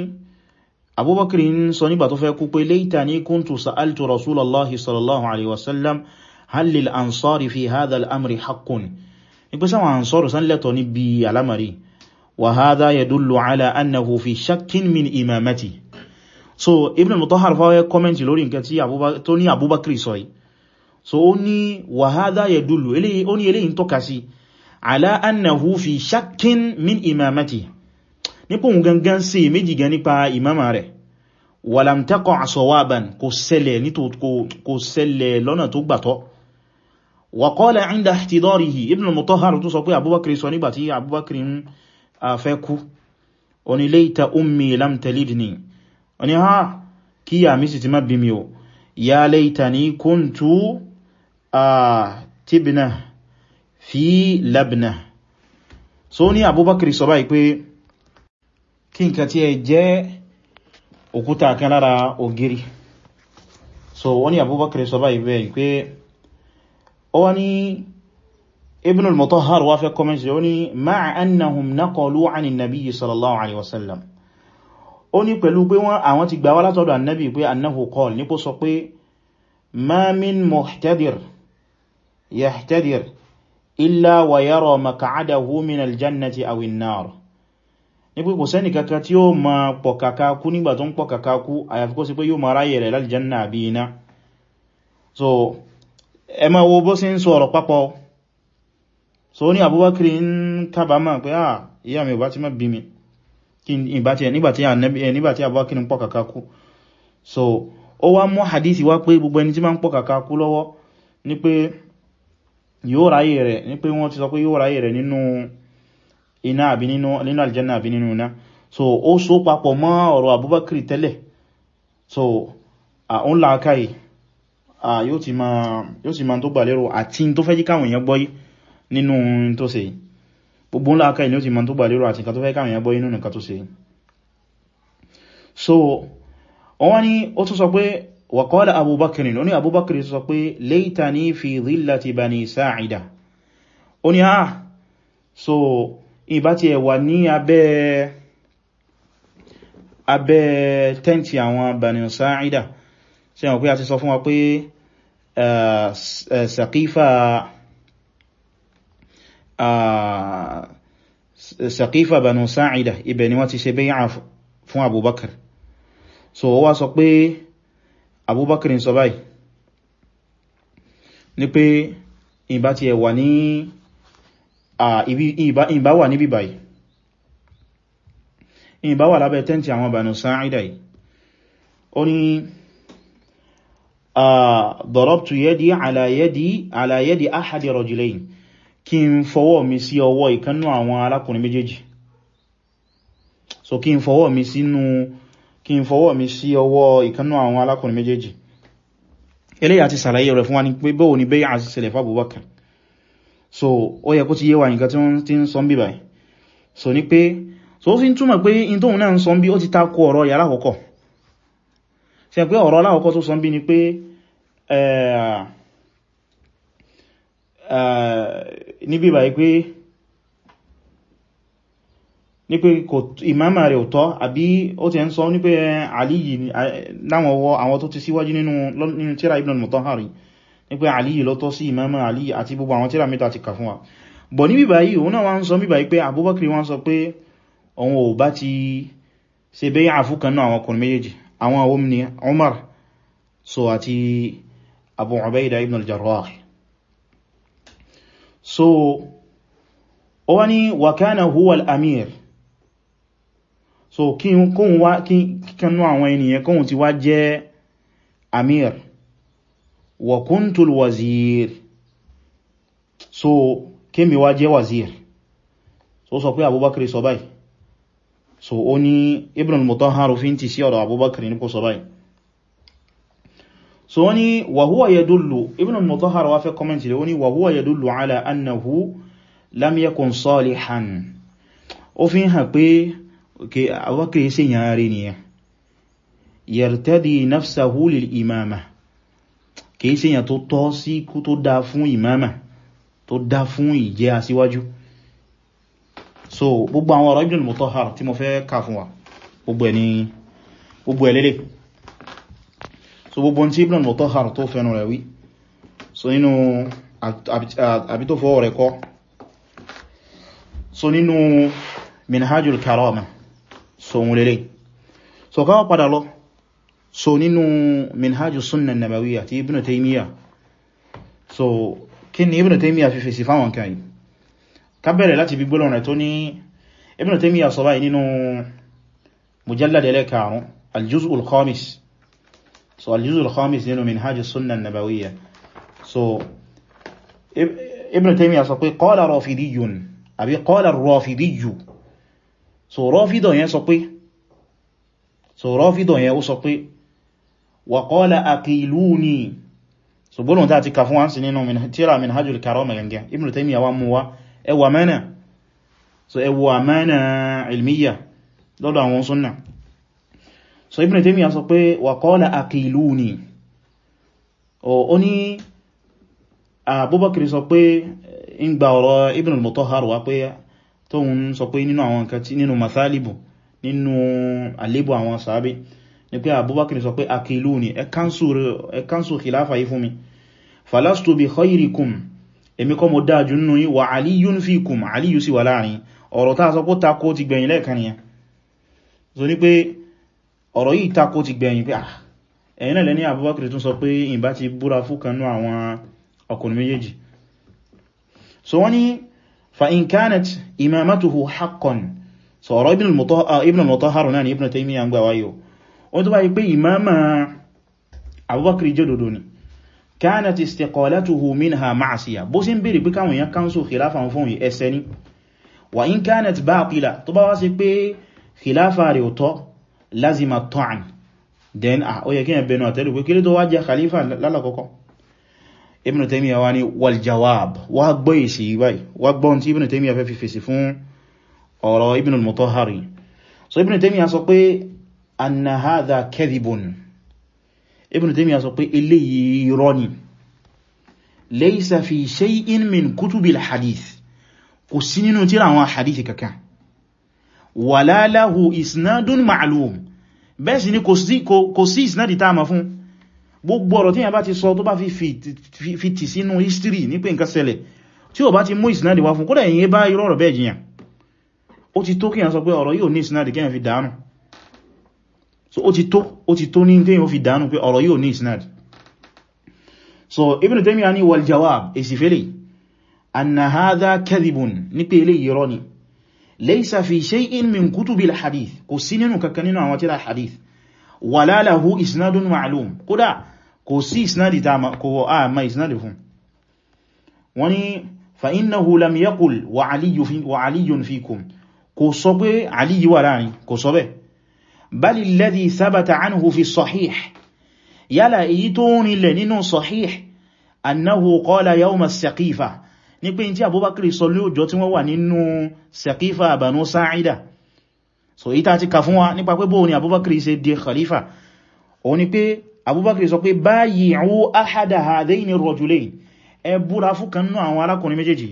abubakar ń sọ nígbà tó fẹ́ kú pé laita ni kuntu sa'altu rasulallahi sallallahu alaihi wasallam halil ansari fi hadha al'amri haqqun ní pé sáwọn ansari san lẹ́tọ̀ ní bí alamari وهذا يدل على أنه في شك من إمامته so Ibn al-Mutahhar fáwẹ́ kọ́mẹ́ntì lórí nǹkan tí tó ní Abubakar sọ yìí so ó ní وهذا يدل ó ní eléyìn tọ́ka sí على أنه في شك من إمامته nípa òun gangan sí méjì gan nípa imama rẹ̀ walam taqa' sawaban kò ṣẹlẹ̀ kò ṣẹlẹ̀ lọ́nà tó gbàtọ́ wa qala 'inda ihtidarihi Ibn al-Mutahhar tó sọ pé Abubakar sọ nígbàtí Abubakar afẹ́ kú oní laita ummi lam talidni oní ha kí yà mí sì ti má bí mi o ya laitani kuntu a tibna fi labna so ní abubakar sọ báyìí pé kí nǹkan tí ẹ jẹ́ òkúta kan lára ògiri so wọ́n ní abubakar sọ báyìí bẹ́ẹ̀ pé ó wá ibn al-mutahhar wá fẹ́ kọmẹ́ntì ó ní ma'a annahum naqalu 'an an-nabiy sallallahu alaihi wasallam ó ní pẹ̀lú pé wọ́n àwọn ti gbà wá látọ̀dọ̀ annabi pé annahu qala ní kó sọ pé ma min muhtadir yahtadir illa wa yara maq'adahu min al-jannati aw an-nar ní pé kò sẹ́ni kankan tí ó ma pọ̀ kàkàkú nígbà tó ń pọ̀ kàkàkú àyàfi kó sí pé yóò ma ráyẹ̀ rẹ̀ lálìjanna àbí iná so ẹ ma wo bó sí ń sọ ọ̀rọ̀ papọ̀ so ni Abubakar ń kabama pé à ah, ìyá mi ò bá ti má bí mi nígbàtí eh, Abubakar ń pọ̀ kàkàkú so ó wá mú hadithi wá pé gbogbo ẹni tí ma ń pọ̀ kàkàkú lọ́wọ́ ní pé yóò ráyè rẹ̀ ní pé wọ́n ti sọ pé yóò ráyè rẹ̀ nínú iná àbí nínú aljanna àbí nínú iná so ó so papọ̀ mọ́ ọ̀rọ̀ Abubakar tẹ́lẹ̀ so àwọn làákàyè yóò ti ma tó gbà lérò to tó fẹ́ jí káwọn èèyàn gbọ́yìí nínú tó ṣe gbogbo ńlá aka ilé ó ti ma tó gbàlérò àti nǹkan tó fẹ́ káwọn ẹbọ́ inú nǹkan tó ṣe so wọ́n ni ó tún sọ pé wa qala abubakrin ó ní abubakrin sọ pé laytani fi dhillati bani sa'ida ó ní ha ah, so ìbá ti ẹ̀wà ní abẹ́ abẹ́ tẹ́ntì àwọn bani sa'ida ṣe wọ́n pé a ti sọ fún wa pé sàkífà uh, uh, Ah, Saqifa Banu Sa'ida ibẹ̀ ni wọ́n ti ṣe bay'a fún Abubakar so ó wá sọ pé Abubakar sọ báyìí ní pé ìbá ti ẹ̀wà ní ìbá wà níbi báyìí ìbá wà lábẹ́ tẹ́ntì àwọn Banu Sa'ida yìí ó ní ضربت يدي على يدي على يد أحد رجلين kí n fọwọ́ mi sí ọwọ́ ìkannú àwọn alákùnrin méjèèjì so kí n fọwọ́ mi sínú kí n fọwọ́ mi sí ọwọ́ ìkannú àwọn alákùnrin méjèèjì eléyà ti sàlàyé rẹ̀ fún wa ní pé bóò ní bẹ́yà àti sẹlẹ̀ fábúbákàr so ó yẹ kó ti yé wa nǹkan tí wọ́n ti ń sọ bí báyìí so ní pé so ó fi ń túmọ̀ pé in tóun náà ń sọ bí ó ti takò ọ̀rọ̀ yà lákọ̀ọ́kọ́ ṣe pé ọ̀rọ̀ lákọ̀ọ́kọ́ tó sọ bí ni pé ẹ̀ẹ́ eh, Eh, níbi báyìí pé ní pé ìmáàmà rẹ̀ ọ̀tọ́ àbí ó ti ń sọ ní pé àlìyí eh, eh, láwọn ọwọ́ àwọn tó ti síwájú nínú tíra Ibn al-Mutahhari ní pé àlìyí lọ́tọ́ sí ìmáàmà àlìyí àti gbogbo àwọn tíra mẹ́ta ti kà fún wa bọ̀ ní bíbáyìí òun náà wá ń sọ bíbáyìí pé Abubakar wá ń sọ pé òun ò bá ti ṣe bẹ́ àfúkan náà àwọn ọkùnrin méjèèjì àwọn àwọn Umar so àti Abu Ubaida ibn al-Jarrah so ó wá ní wa kana huwa al-amir so kíkún wá kíkanú àwọn ènìyàn kóhun ti wá jẹ́ amir wa kuntu al-wazir so kémi wá jẹ́ wazir so sọ pé Abubakar sọ báyìí so ó Ibn al-Mutahhar fi ń ti Abubakar ní kó sọ báyìí so wani wahuwa ya dullu ibn al-mutahar wa fẹ́ kọmẹ́ntì da wani wahuwa ya dullu ala annahu lam yakun salihan ó fi hàn pé awakiri sí yare ni ya yartadi nafsahu lil imama kìí sí yàn tó tọ́ sí kú tó dá fún imama tó dá fún ìjẹ́ asíwájú so gbogbo àwọn ọ̀rọ̀ mutahar tí mo fẹ́ kà fún wa gbogbo ẹ̀ lélẹ̀ so gbogbo tí Ibn Mutahhar tó fẹ́nu rẹ̀ wí so nínú àbí tó fọ́ rẹ̀ kọ́ so nínú Minhajul Karama so ń lélẹ̀ so káwọ́ padà lọ so nínú Minhajus Sunnah Nabawiyya ti Ibn Taymiyyah so kí ni Ibn Taymiyyah fi fèsì fáwọn kan yìí ká bẹ̀rẹ̀ láti bí gbólọ̀nà tó ní Ibn Taymiyyah sọ báyìí nínú mujallad ẹlẹ́karùn-ún al khamis So الجزء الخامس لأنه منهاج السنة النبوية So ابن تيمية سأقول قال رافدي أبي قال الرافدي So رافضة يا سأقول So رافضة يا سأقول وقال أقيلوني So بولون تاتي كفوان سنينو من تيرا منهاج الكرامة جنجا ابن تيمية واموا ẹwà mẹ́nà so ẹwà mẹ́nà ilmiya lọ́dọ̀ àwọn sunnah so Ibn Taymiyyah sọ pé wa qala aqiluni o ní Abubakar sọ pé in gba ọ̀rọ̀ Ibn al-Mutahhar wá pé tóhun sọ pé nínú àwọn nǹkan tí nínú mathalibu nínú àlébù àwọn sàábé ni pé Abubakar sọ pé aqiluni ẹ kánsù khilafa yìí fún mi falastu bi khairikum èmi kọ́ mo dájú nínú yín wa aliyun fikum aliyu sí wà láàrin ọ̀rọ̀ tá a sọ pé takó ti gbẹ̀yìn lẹ́ẹ̀kan nìyẹn so ni pé ọ̀rọ̀ yìí takó ti gbẹ̀yìn pé ah, ẹ̀yìn náà lẹ́ni Abubakar tún sọ pé ìbá ti búra fúkanú àwọn ọkùnrin méjèèjì so wọ́n ni fa in kanat imamatuhu haqqan so ọ̀rọ̀ Ibn ah, al-Mutahhar náà ni Ibn Taymiyyah gbà wáyé wọ́n tó bá yí pé imama Abubakar jẹ́ dodo ni kanat istiqalatuhu minha ma'siyah bó sí ń bèèrè pé káwọn èèyàn kánsù khilafa fún ẹsẹ ni wa in kanat batila tó bá wá sí pé khilafa rẹ̀ ò tọ́ lazima ta'an then ah ó yẹ kí ẹ̀bẹ̀nu àtẹ́lù pé kílé tó wá jẹ́ khalifa lálàkọ́kọ́ ibn taymiya wá ní wal jawab wá gbọ́ èsì báyìí wá gbọ́ tí ibn taymiya fẹ́ fi fèsì fún ọ̀rọ̀ ibn al-mutahari so ibn taymiya sọ pé anna hadha kadhibun ibn taymiya sọ pé eléyìí irọ́ ni laysa fi shay'in min kutubil hadith kò sí nínú tírà àwọn hadith kankan wala lahu isnadun ma'lum bẹ́ẹ̀ sì ni kò sí isnadi tá ma fún gbogbo ọ̀rọ̀ tí yẹn bá ti sọ tó bá fi tì sínú history ní pé nǹkan ṣẹlẹ̀ tí ó bá ti mú isnadi wá fún kódà èyí bá irọ́ bẹ́ẹ̀ jiyàn ó ti tó kíyàn sọ pé ọ̀rọ̀ yóò ní isnadi so ó ti tó ó ti tó ní tẹ́yìn ó so Ibn Taymiyyah ní wal jawab èsì fẹ́lẹ̀ anna hadha kadhibun ní pé eléyìí irọ́ laysa fi shay'in min kutubil hadith kò sí nínú kankan nínú àwọn tírà hadith wala lahu isnadun ma'lum kódà kò sí isnadi ta kò a ma isnadi fún wani fa innahu lam yaqul wa aliyu fi wa aliyun fikum kò sọ pé aliyu wà láàrin kò sọ bẹ́ẹ̀ bal alladhi thabata anhu fi sahih yala èyí tó rinlẹ̀ nínú sahih annahu qala yawma as-saqifa ní pé in tí Abubakar sọ ní ọjọ́ tí wọ́n wà nínú Saqifa Banu Sa'ida so ìta ti kà fún wa nípa pé bóò ni Abubakar ṣe di khalifa o ni pé Abubakar sọ pé bayi'u ahada hadhaini ar-rajulayn ẹ búra fún àwọn arákùnrin méjèèjì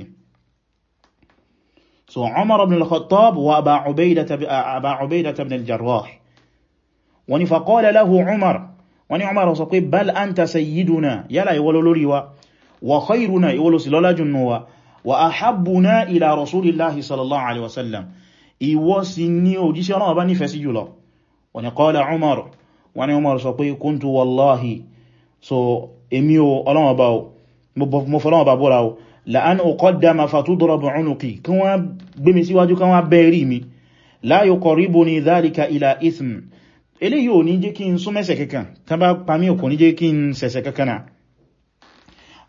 so Umar ibn al-Khattab wa Aba Ubayda ibn al-Jarrah wani faqala lahu Umar wani Umar sọ pé bal anta sayyiduna yálà ìwọlolórí wa wa khayruna ìwọ ló sì lọ́lá jù nù wa wa ahabbuna ila rasulillahi sallallahu alaihi wasallam ìwọ sì ni òjíṣẹ́ Ọlọ́run bá nífẹ̀ẹ́ sí jùlọ wọ́n ní qala Umar wọ́n ní Umar sọ pé kuntu wallahi so èmi o Ọlọ́run bá o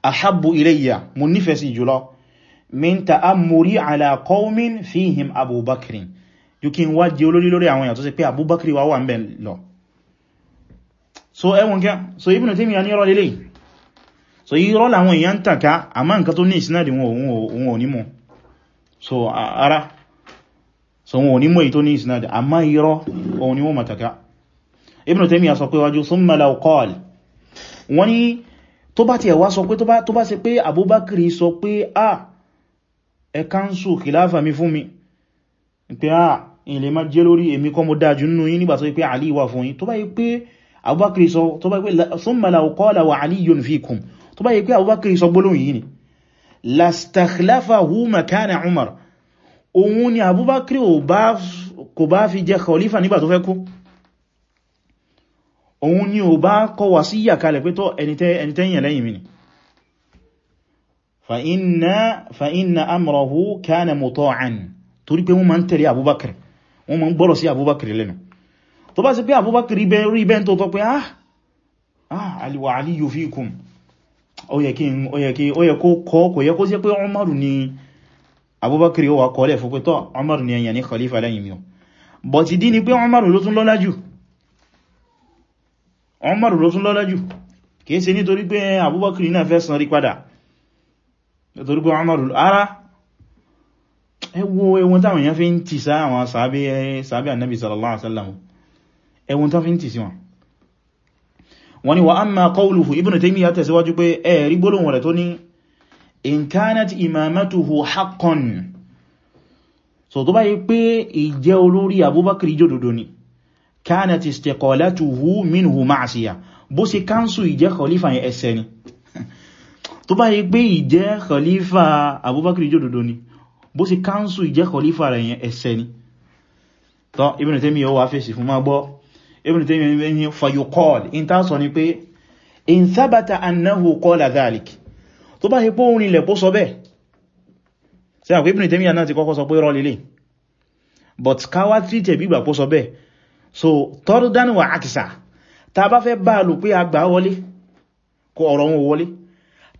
ahabbu ilayya mo nífẹ̀ẹ́ sí jùlọ min ta'ammuri ala qaumin fihim abubakrin ju kí n wá jẹ olórí lórí àwọn èèyàn tó sì abubakri wá wà ń bẹ̀ lọ so ẹwọn kẹ́ so Ibn Taymiyyah ní ọ̀rọ̀ lélẹ̀ so yí rọ́ làwọn èèyàn tàkà àmá nǹkan tó ní ìsinádì wọn òun ò ní mọ̀ so ara so wọn ò ní mọ̀ èyí tó ní ìsinádì àmá irọ́ òun ni wọ́n mọ̀ tàkà Ibn Taymiyyah sọ pé wájú thumma law qala wọ́n tó bá ti ẹ̀wá sọ pé tó bá ṣe pé Abubakar sọ pé à ẹ káńsù kìláfà mi fún mi pé à ìlè má jẹ́ lórí èmi kọ́ mo dájú nínú yín nígbà tó pé Àlì wà fún yín tó bá yí pé Abubakar sọ tó bá yí pé thumma law qala wa makana Umar òun ni Abubakar kò bá fi jẹ khalifa nígbà fẹ́ kú òun ni ò bá kọ wà sí yàkalẹ̀ pé tó ẹnitẹ́yìn lẹ́yìn mi ni fa inna amrahu kana muta'an torí pé wọ́n ma ń tẹ̀lé abubakar wọ́n ma ń gbọ́rọ̀ sí abubakar lẹ́nu tó bá sì pé abubakar rí bẹ́ tó tọ́ pé ah, ah aliwa aliyu fikum ó yẹ kó kọ́ kò yẹ kó sí pé umaru ni abubakar yóò wà kọ́lẹ̀ fún pé tọ́ umaru ni ẹ̀yàn ní khalifa lẹ́yìn mi Umar ló tún lọ́lá jù kìí ṣe nítorí pé Abubakar náà fẹ́ san rí padà nítorí pé Umar ara ẹwọ ẹwọ́n táwọn èèyàn fi ń tì sá àwọn sàábí annabi sallallahu alaihi wasallam ẹwọ́n tán fi ń tì sí wọn wọ́n ni wa amma qawluhu Ibn Taymiyyah tẹ̀síwájú pé ẹ̀rí gbólóhùn rẹ̀ tó ní in imamatuhu haqqan so tó bá pé ìjẹ́ olórí Abubakar jòdòdó ni kánàtì istiqalatuhu minhu ma'siyah bó ṣe káńsù ìjẹ́ khalifa yẹn ẹsẹ̀ ni tó bá yí pé ìjẹ́ khalifa abubakar ìjòdòdó ni bó ṣe káńsù ìjẹ́ khalifa rẹ̀ yẹn ẹsẹ̀ ni tọ́ Ibn Taymiyyah wà fèsì fún máa gbọ́ Ibn Taymiyyah ni fayuqal in ta sọ ni pé in thabata annahu qala dhalik tó bá yí pé òun ilẹ̀ bó sọ bẹ́ẹ̀ sí àpé Ibn Taymiyyah náà ti kọ́kọ́ sọ pé rọ́ lélẹ̀ but káwá tí tẹ̀bí ìgbà pó sọ bẹ́ẹ̀ so tọ́rọ̀dán wà àkìsà ta bá fẹ́ bá lò pé àgbà wọlé kò ọ̀rọ̀ wọn wọlé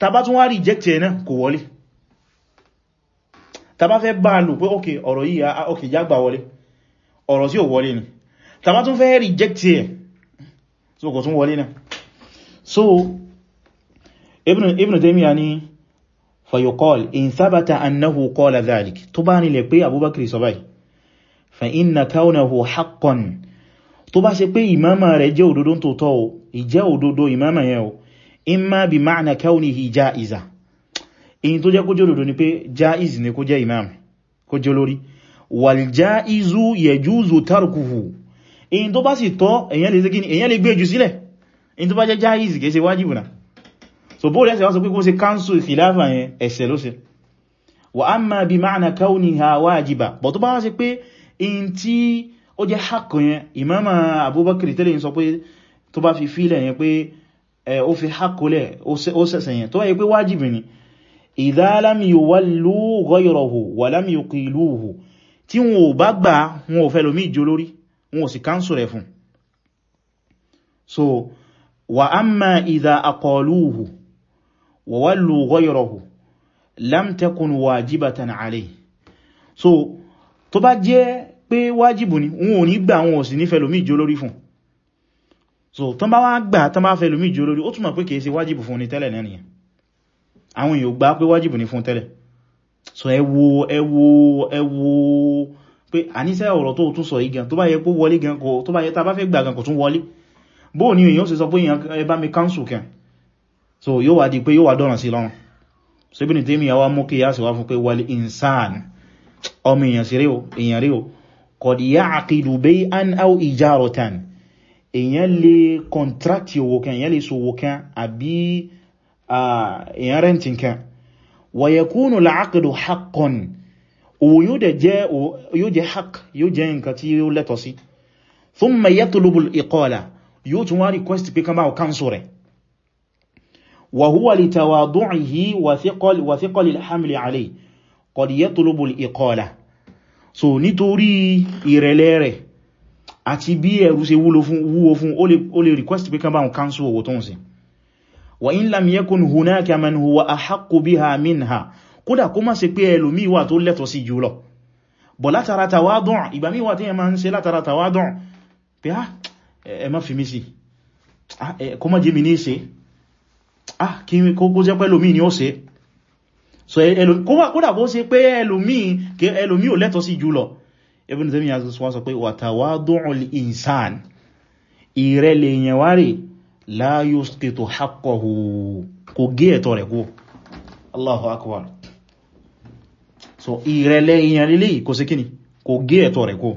ta bá tún wá reject ẹ̀ náà kò wọlé ta bá fẹ́ bá lò pé ok ọ̀rọ̀ yìí ah, ok jágbà wọlé ọ̀rọ̀ sí ò wọlé ni ta bá tún fẹ́ reject ẹ̀ so kò tún wọlé náà so ibn ibn Taymiyyah ni fayokol in sábata annahu qala dhalik tó bá fa inna kaunahu haqqan tó bá ṣe pé ìmáàmà rẹ̀ jẹ́ òdodo tòótọ́ o ìjẹ́ òdodo ìmáàmà yẹn o imma bi ma'na kaunihi ja'iza èyí tó jẹ́ kó jẹ́ òdodo ni pé ja'iz ni kó jẹ́ imam kó jẹ́ lórí wal ja'izu yajuzu tarkuhu èyí tó bá sì tọ́ èyàn lè ṣe kíni èyàn lè gbé jù sílẹ̀ èyí tó bá jẹ́ ja'iz kìí ṣe wájìbù na so bó lẹ́sẹ̀ wá sọ pé kó ṣe káńsù khilafa yẹn ẹ̀ṣẹ̀ ló ṣe wa amma bi ma'na kauniha wajiba bọ̀ tó bá wá ṣe pé in tí ó jẹ́ haqq yẹn ìmáàmà abubakar tẹ́lẹ̀ sọ pé tó bá fi fílẹ̀ yẹn pé ó fi haqq lẹ̀ ó sẹ̀sẹ̀ yẹn tó wáyé pé wájìbì ni idha lam yuwallu ghayrahu wa lam yuqiluhu tí wọn ò bá gbà wọn ò fẹ́ lómi ìjó lórí wọn ò sì káńsù so wa amma idha aqaluhu wa wallu ghayrahu lam takun so tó pé wájìbù ni wọn ò ní gbà wọn ò ní fẹ́lòmí ìjó lórí fún so tán bá wá gbà tán bá fẹ́lòmí ìjó lórí ó túnmọ̀ pé kìí ṣe wájìbù fún ni tẹ́lẹ̀ náà nìyẹn àwọn èèyàn gbà pé wájìbù ni fún tẹ́lẹ̀ so ẹ wò ẹ wò ẹ wò pé àníṣẹ́ ọ̀rọ̀ tó tún sọ yìí gan tó bá yẹ kó wọlé gan tó bá yẹ tá bá fẹ́ gbà gan kò tún wọlé bóò ni èèyàn sì sọ pé èèyàn ẹ bá mi káńsù kàn so yóò wá di pé yóò wá dọ̀ràn sí lọ́rùn so Ibn Taymiyyah wá mú kí yá sì wá fún pé wal insan ọmọ èèyàn sí rí o èèyàn rí o qad ya'qidu bay'an aw ijaratan èyàn lè kọntrakti owó kan èyàn lè sowó kan àbí èyàn rẹ̀ntì kan wa yakunu al-'aqdu haqqan owó yóò jẹ́ haqq yóò jẹ́ nǹkan tí yóò lẹ́tọ̀ sí thumma yatlubu al-iqala yóò tún wá request pé kan bá ọ kánsù rẹ̀ wa huwa li tawadu'ihi wa thiqali al-hamli alayhi qad yatlubu al-iqala so nítorí ìrẹ̀lẹ̀ rẹ̀ àti bí ẹ̀rù ṣe wúwo fún ó lè request pé kán bá ń kánsù owó tó ń sin wa in lam yakun hunaka man huwa ahaqqu biha minha kódà kó má ṣe pé ẹlòmí wà tó lẹ́tọ̀ sí jù lọ bọ̀ látara tàwádùn ìgbà mí wà tí ẹ ma ń ṣe látara tàwádùn pé á ah, ẹ má fi mí sí ah, kó má so kódà bó ṣe pé ẹlòmí ò lẹ́tọ̀ sí jùlọ Ibn Taymiyyah wọ́n sọ pé watawadu'ul insan ìrẹ̀lẹ̀ èèyàn wá rẹ̀ la yusqitu haqqahu kò gé ẹ̀tọ́ rẹ̀ kó Allahu akbar so ìrẹ̀lẹ̀ èèyàn lílé kò sí kíni kò gé ẹ̀tọ́ rẹ̀ kó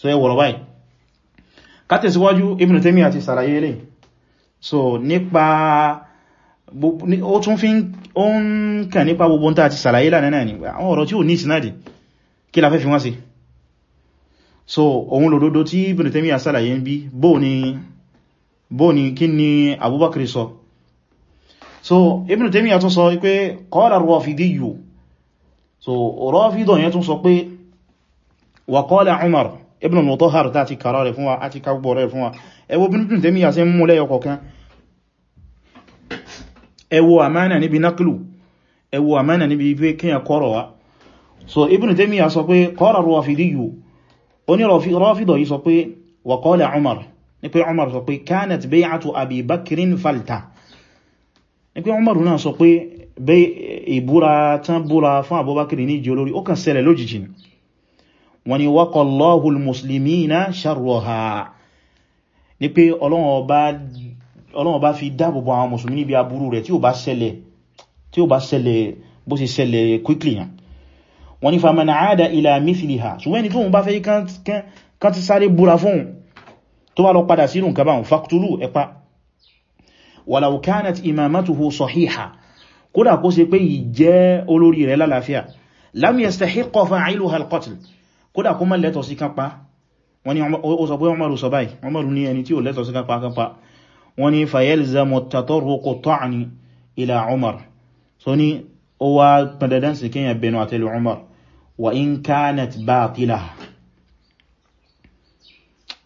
so ẹ wọ̀rọ̀ báyìí ká tẹ̀síwájú Ibn Taymiyyah ti sàrayé lè so nípa ó tún fi ń kàn nípa gbogbo ta ti sàlàyé lánàá ní àwọn ọ̀rọ̀ tí ò ní ìsinádì kí la fẹ́ fi wọ́n sí so ohun lòdòdó tí Ibn Taymiyyah sàlàyé ń bí bó ní kí ni Abubakar sọ so Ibn Taymiyyah tún sọ pé qala ar-Rafidiyyu so Rafidiyyu yẹn tún sọ pé wa qala Umar ibn al-Mutahhar ta ti kàrọ rẹ̀ fún wa àti kagbọ̀ rẹ̀ fún wa ẹwọ́ Ibn Taymiyyah sí mú lẹ́yọ kọ̀kan ẹ wo àmánà níbi náklù ẹ wo àmánà níbi pé kíyàn kọ́rọ̀ wá so Ibn Taymiyyah sọ pé qala ar-Rafidiyyu oní Rafidiyyu yìí sọ pé wa qala Umar ní pé Umar sọ pé kanat bay'atu Abi Bakrin falta ní pé Umar náà sọ pé bẹ́ ìbúra tán búra fún Abubakar ní ìjì olórí ó kàn ṣẹlẹ̀ lójijì ni wọ́n ni waqallahu al-muslimina ní pé Ọlọ́hun bá ọlọ́run bá fi dáàbòbò àwọn mùsùlùmí níbi aburú rẹ̀ tí ó bá ṣẹlẹ̀ tí ó bó ṣe ṣẹlẹ̀ quickly yàn wọ́n ní famana àádá ilá mithliha ṣùgbọ́n ni tóhun bá fẹ́ kán ti sáré búra fóhun tó bá lọ padà sínú nǹkan báhùn faktulu ẹpa walau kanat imamatuhu sahiha kódà kó ṣe pé ìjẹ́ olórí rẹ̀ lálàáfíà lam yastahiqqa fa'iluha al-qatl kódà kó má lẹ́tọ̀ sí kápá wọ́n ní ó sọ báyìí Umaru ní ẹni tí ó lẹ́tọ̀ sí kápá kápá wọ́n ní fayelzamo tatorruku ta'ani ila umar so ní ó wá pẹ̀dẹ̀dẹ̀ sí kíyà bẹnu àtẹ́lù umar wa in kanat batila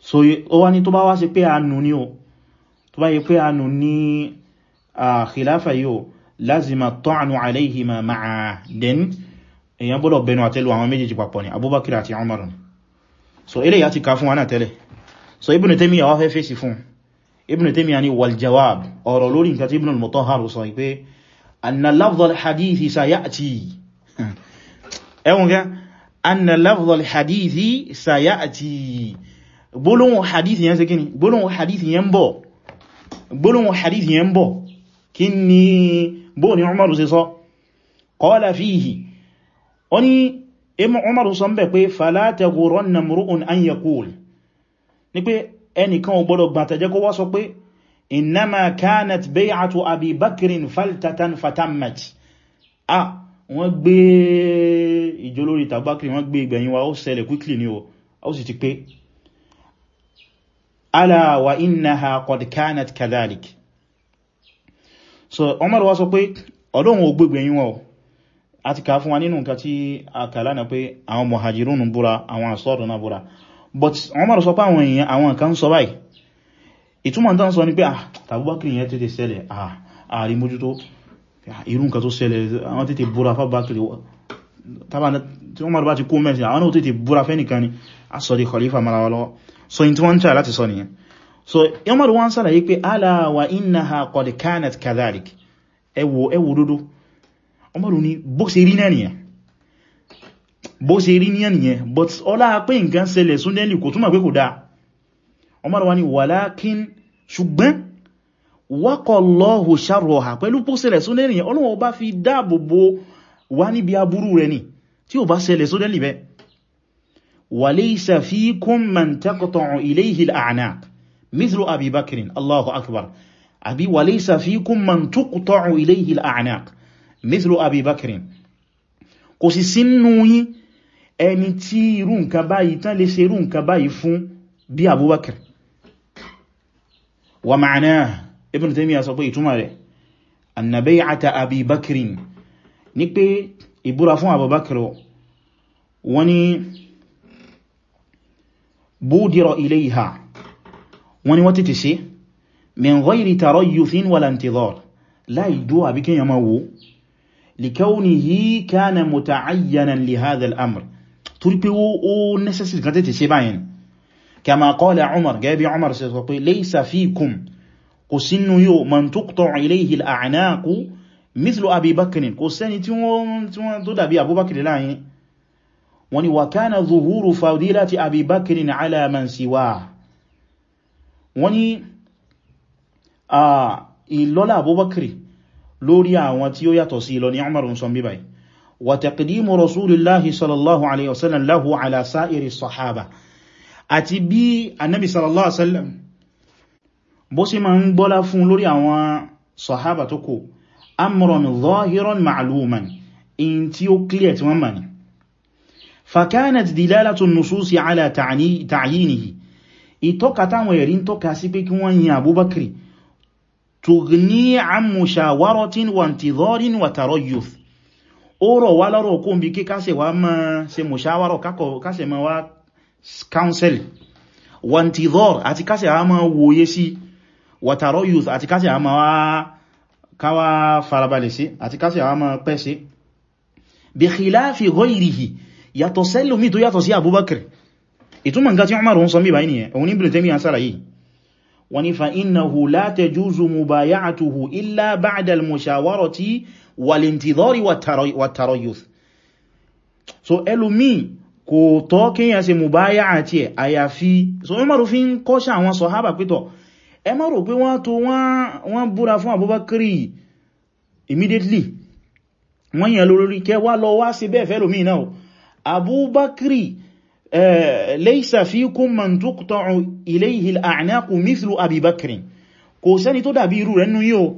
so ó wá ní tó bá wá sí pé àánú ní o tó bá yí pé àánú ní khilafa yíò lázima ta'anu alayhi ma den èyàn bọ́lọ̀ bẹnu àtẹ́lù àwọn méjèèjì papọ̀ ni abubakar àti umar so ilé ya ti ká fún wa náà tẹ́lẹ̀ so ibn Taymiyyah wá fẹ́ fèsì fún ibn taymiya ni wal jawab ọ̀rọ̀ lórí nǹkan tí ibn al-mutahhar sọ pé anna lafdh al-hadithi sayati ẹwùn gẹ́ anna lafdh al-hadithi sayati gbólóhùn hadithi yẹn ṣe kíni gbólóhùn hadithi yẹn bọ̀ gbólóhùn hadithi yẹn bọ̀ kí ni bóò ni umaru ṣe sọ qala fihi ó ní umaru sọ ń bẹ̀ fala taghuranna mru'un an yaqul ni pé ẹnìkan ò gbọ́dọ̀ gbàtẹ̀jẹ́ kó wá sọ pé innama kanat bay'atu abi bakrin faltatan fatammat ah wọ́n gbé ìjọ lórí tàbákìrì wọ́n gbé ìgbẹ̀yìn wa ó ṣẹlẹ̀ quickly ni ó sì ti pé ala wa innaha qad kanat kadhalik so Umar wá sọ pé ọlọ́run ò gbé ìgbẹ̀yìn wa ó àti kà fún wa nínú nǹkan tí a kà lánàá pé àwọn muhajirun búra àwọn asọ́rọ̀ náà búra but Umar sọ pé àwọn èèyàn àwọn kan sọ báyìí ìtumọ̀ tán sọ ní pé àtàbúbákìrì ah, yẹn tètè ṣẹlẹ̀ ààrí ah, mójútó ah, irú nǹkan tó ṣẹlẹ̀ àwọn tètè búra fábákìrì tí Umar bá ti kó mẹ́sìn àwọn náà tètè búra fẹ́nìkan ni a sọ di khalifa mara lọ so in tí wọ́n ń tà láti sọ nìyẹn so Umar wọ́n ṣàlàyé pé ala wa innaha qad kanat kadhalik ẹwọ ẹwọ dodo Umar ní bó ṣe rí náà nìyẹn bó ṣe rí ní ẹniyẹn but ọlá pé nǹkan ṣẹlẹ̀ súnlẹ̀lì kò túnmà pé kò dáa Umar wá ní walakin ṣùgbọ́n waqallahu sharraha pẹ̀lú pó ṣẹlẹ̀ súnlẹ̀lì yẹn Ọlọ́run bá fi dáàbò bo wá níbi aburú rẹ̀ ni tí ó bá ṣẹlẹ̀ súnlẹ̀lì bẹ́ walaysa fikum man ẹni tí irú nǹkan báyìí tán lè ṣe irú nǹkan báyìí fún bí Abubakar wa ma'ana Ibn Taymiyyah sọ pé ìtumọ̀ rẹ̀ annabai ata Abi Bakrin ní pé ìbúra fún Abubakar wọ́n ni búdìrọ̀ ilayha wọ́n ni wọ́n tètè ṣe min ghairi tarayyuthin wala intidhar láì dúwà bí kíyàn likawnihi kana muta'ayyanan li hadha al-amr torí pé ó necessary kan tètè ṣe báyìí kama qala Umar gẹ́bí Umar ṣe sọ pé laysa fikum kò sínú yóò man tuqta'u ilayhi al-a'naqu mithlu Abi Bakr kò sẹ́ni tí wọ́n tó dàbí Abubakar láàyìn wọ́n ni wa kana zuhuru fadilati Abi Bakr ala man siwa wọ́n ni ah, ìlọ́lá Abubakar lórí àwọn tí ó yàtọ̀ sí ìlọ ni Umar sọ bíbáyìí وتقديم رسول الله صلى الله عليه وسلم له على سائر الصحابة àti bí annabi sallallahu alaihi wasallam bó sì máa ń gbọ́lá fún lórí àwọn sahaba tó kù amran zahiran ma'luman in tí ó clear tí wọ́n ma ní fakanat dilalatu nususi ala ta'yinihi ìtọ́ka táwọn ẹ̀rí ń tọ́ka sí pé kí wọ́n yin abubakar tughni an mushawaratin wa intidharin wa tarayyuth ó rọ̀ wá lọ́rọ̀ kó ń bí kí kásẹ̀ wá máa ṣe mọ̀ṣáwárọ̀ kásẹ̀ máa wá council wantidhor àti kásẹ̀ a máa wòye sí wàtàrọ̀ youth àti kásẹ̀ a máa wá káwà farabalẹ̀ sí àti kásẹ̀ a máa pẹ́ sí bí khilafi ghoirihi yàtọ̀ sẹ́lùmí tó yàtọ̀ sí Abubakar ìtumọ̀ nǹkan tí Umar ń sọ mí báyìí nìyẹn òun wọ́n ní فإنه لا تجوز مبايعته إلا بعد المشاورة والانتظار والتريث so ẹlòmí kò tọ́ kíyàn ṣe mùbáyà àti ẹ̀ àyàfi so ẹ mọ́rò fi ń kọ́ṣà àwọn sọ̀hábà pẹ́tọ̀ ẹ mọ́rò pé wọ́n tó wọ́n búra fún Abubakari immediately wọ́n yẹn lórí kẹwàá lọ wá sí bẹ́ẹ̀ fẹ́lòmí náà Abubakari ليس فيكم من tuqta'u إليه الأعناق مثل أبي بكر. Bakr kò sẹ́ni tó dàbí irú rẹ̀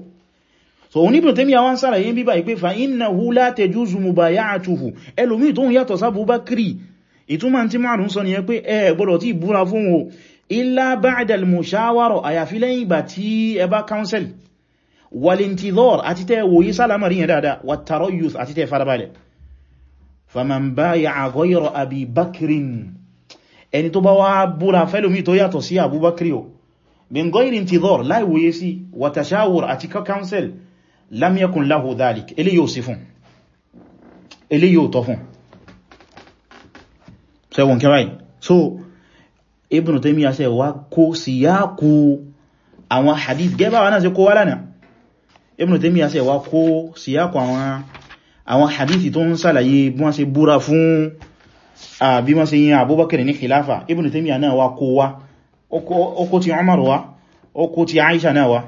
so òní Ibn Taymiyyah wá ń sára yìí bíbá ìpé fa innahu la tajuzu mubaya'atuhu ẹlòmí tó ń yàtọ̀ sábú Bakri ìtumọ̀ tí márùn sọ nìyẹn pé ẹ eh, gbọ́dọ̀ tí búra fún o illa ba'da al-mushawara àyàfi lẹ́yìn ìgbà tí ẹ bá council wal-intidhar àti tẹ́ wòye sálámàrí yẹn dáadáa wat-tarayyuth àti tẹ́ farabalẹ̀ faman báyà ghayra abi bakrin ẹni tó bá wá búra fẹ́lómi tó yàtọ̀ sí abubakri o min ghayri intidhar láìwòye sí wa tashawur àti council lam yakun lahu dhalik ilé yóò sí fún ilé tọ́ fún sẹ́wọ̀n kẹwàá so Ibn Taymiyyah sẹ́ wá kó síyákú àwọn hadith gẹ́bà wọn náà sí kó wá lánàá Ibn Taymiyyah sẹ́ wá kó síyákú àwọn àwọn hadithi tó ń sàlàyé bí wọ́n ṣe búra fún àbí wọ́n ṣe yin Abubakar ní khilafa Ibn Taymiyyah náà wá kó wá ọkọ̀ ti Umar wá ọkọ̀ ti Aisha náà wá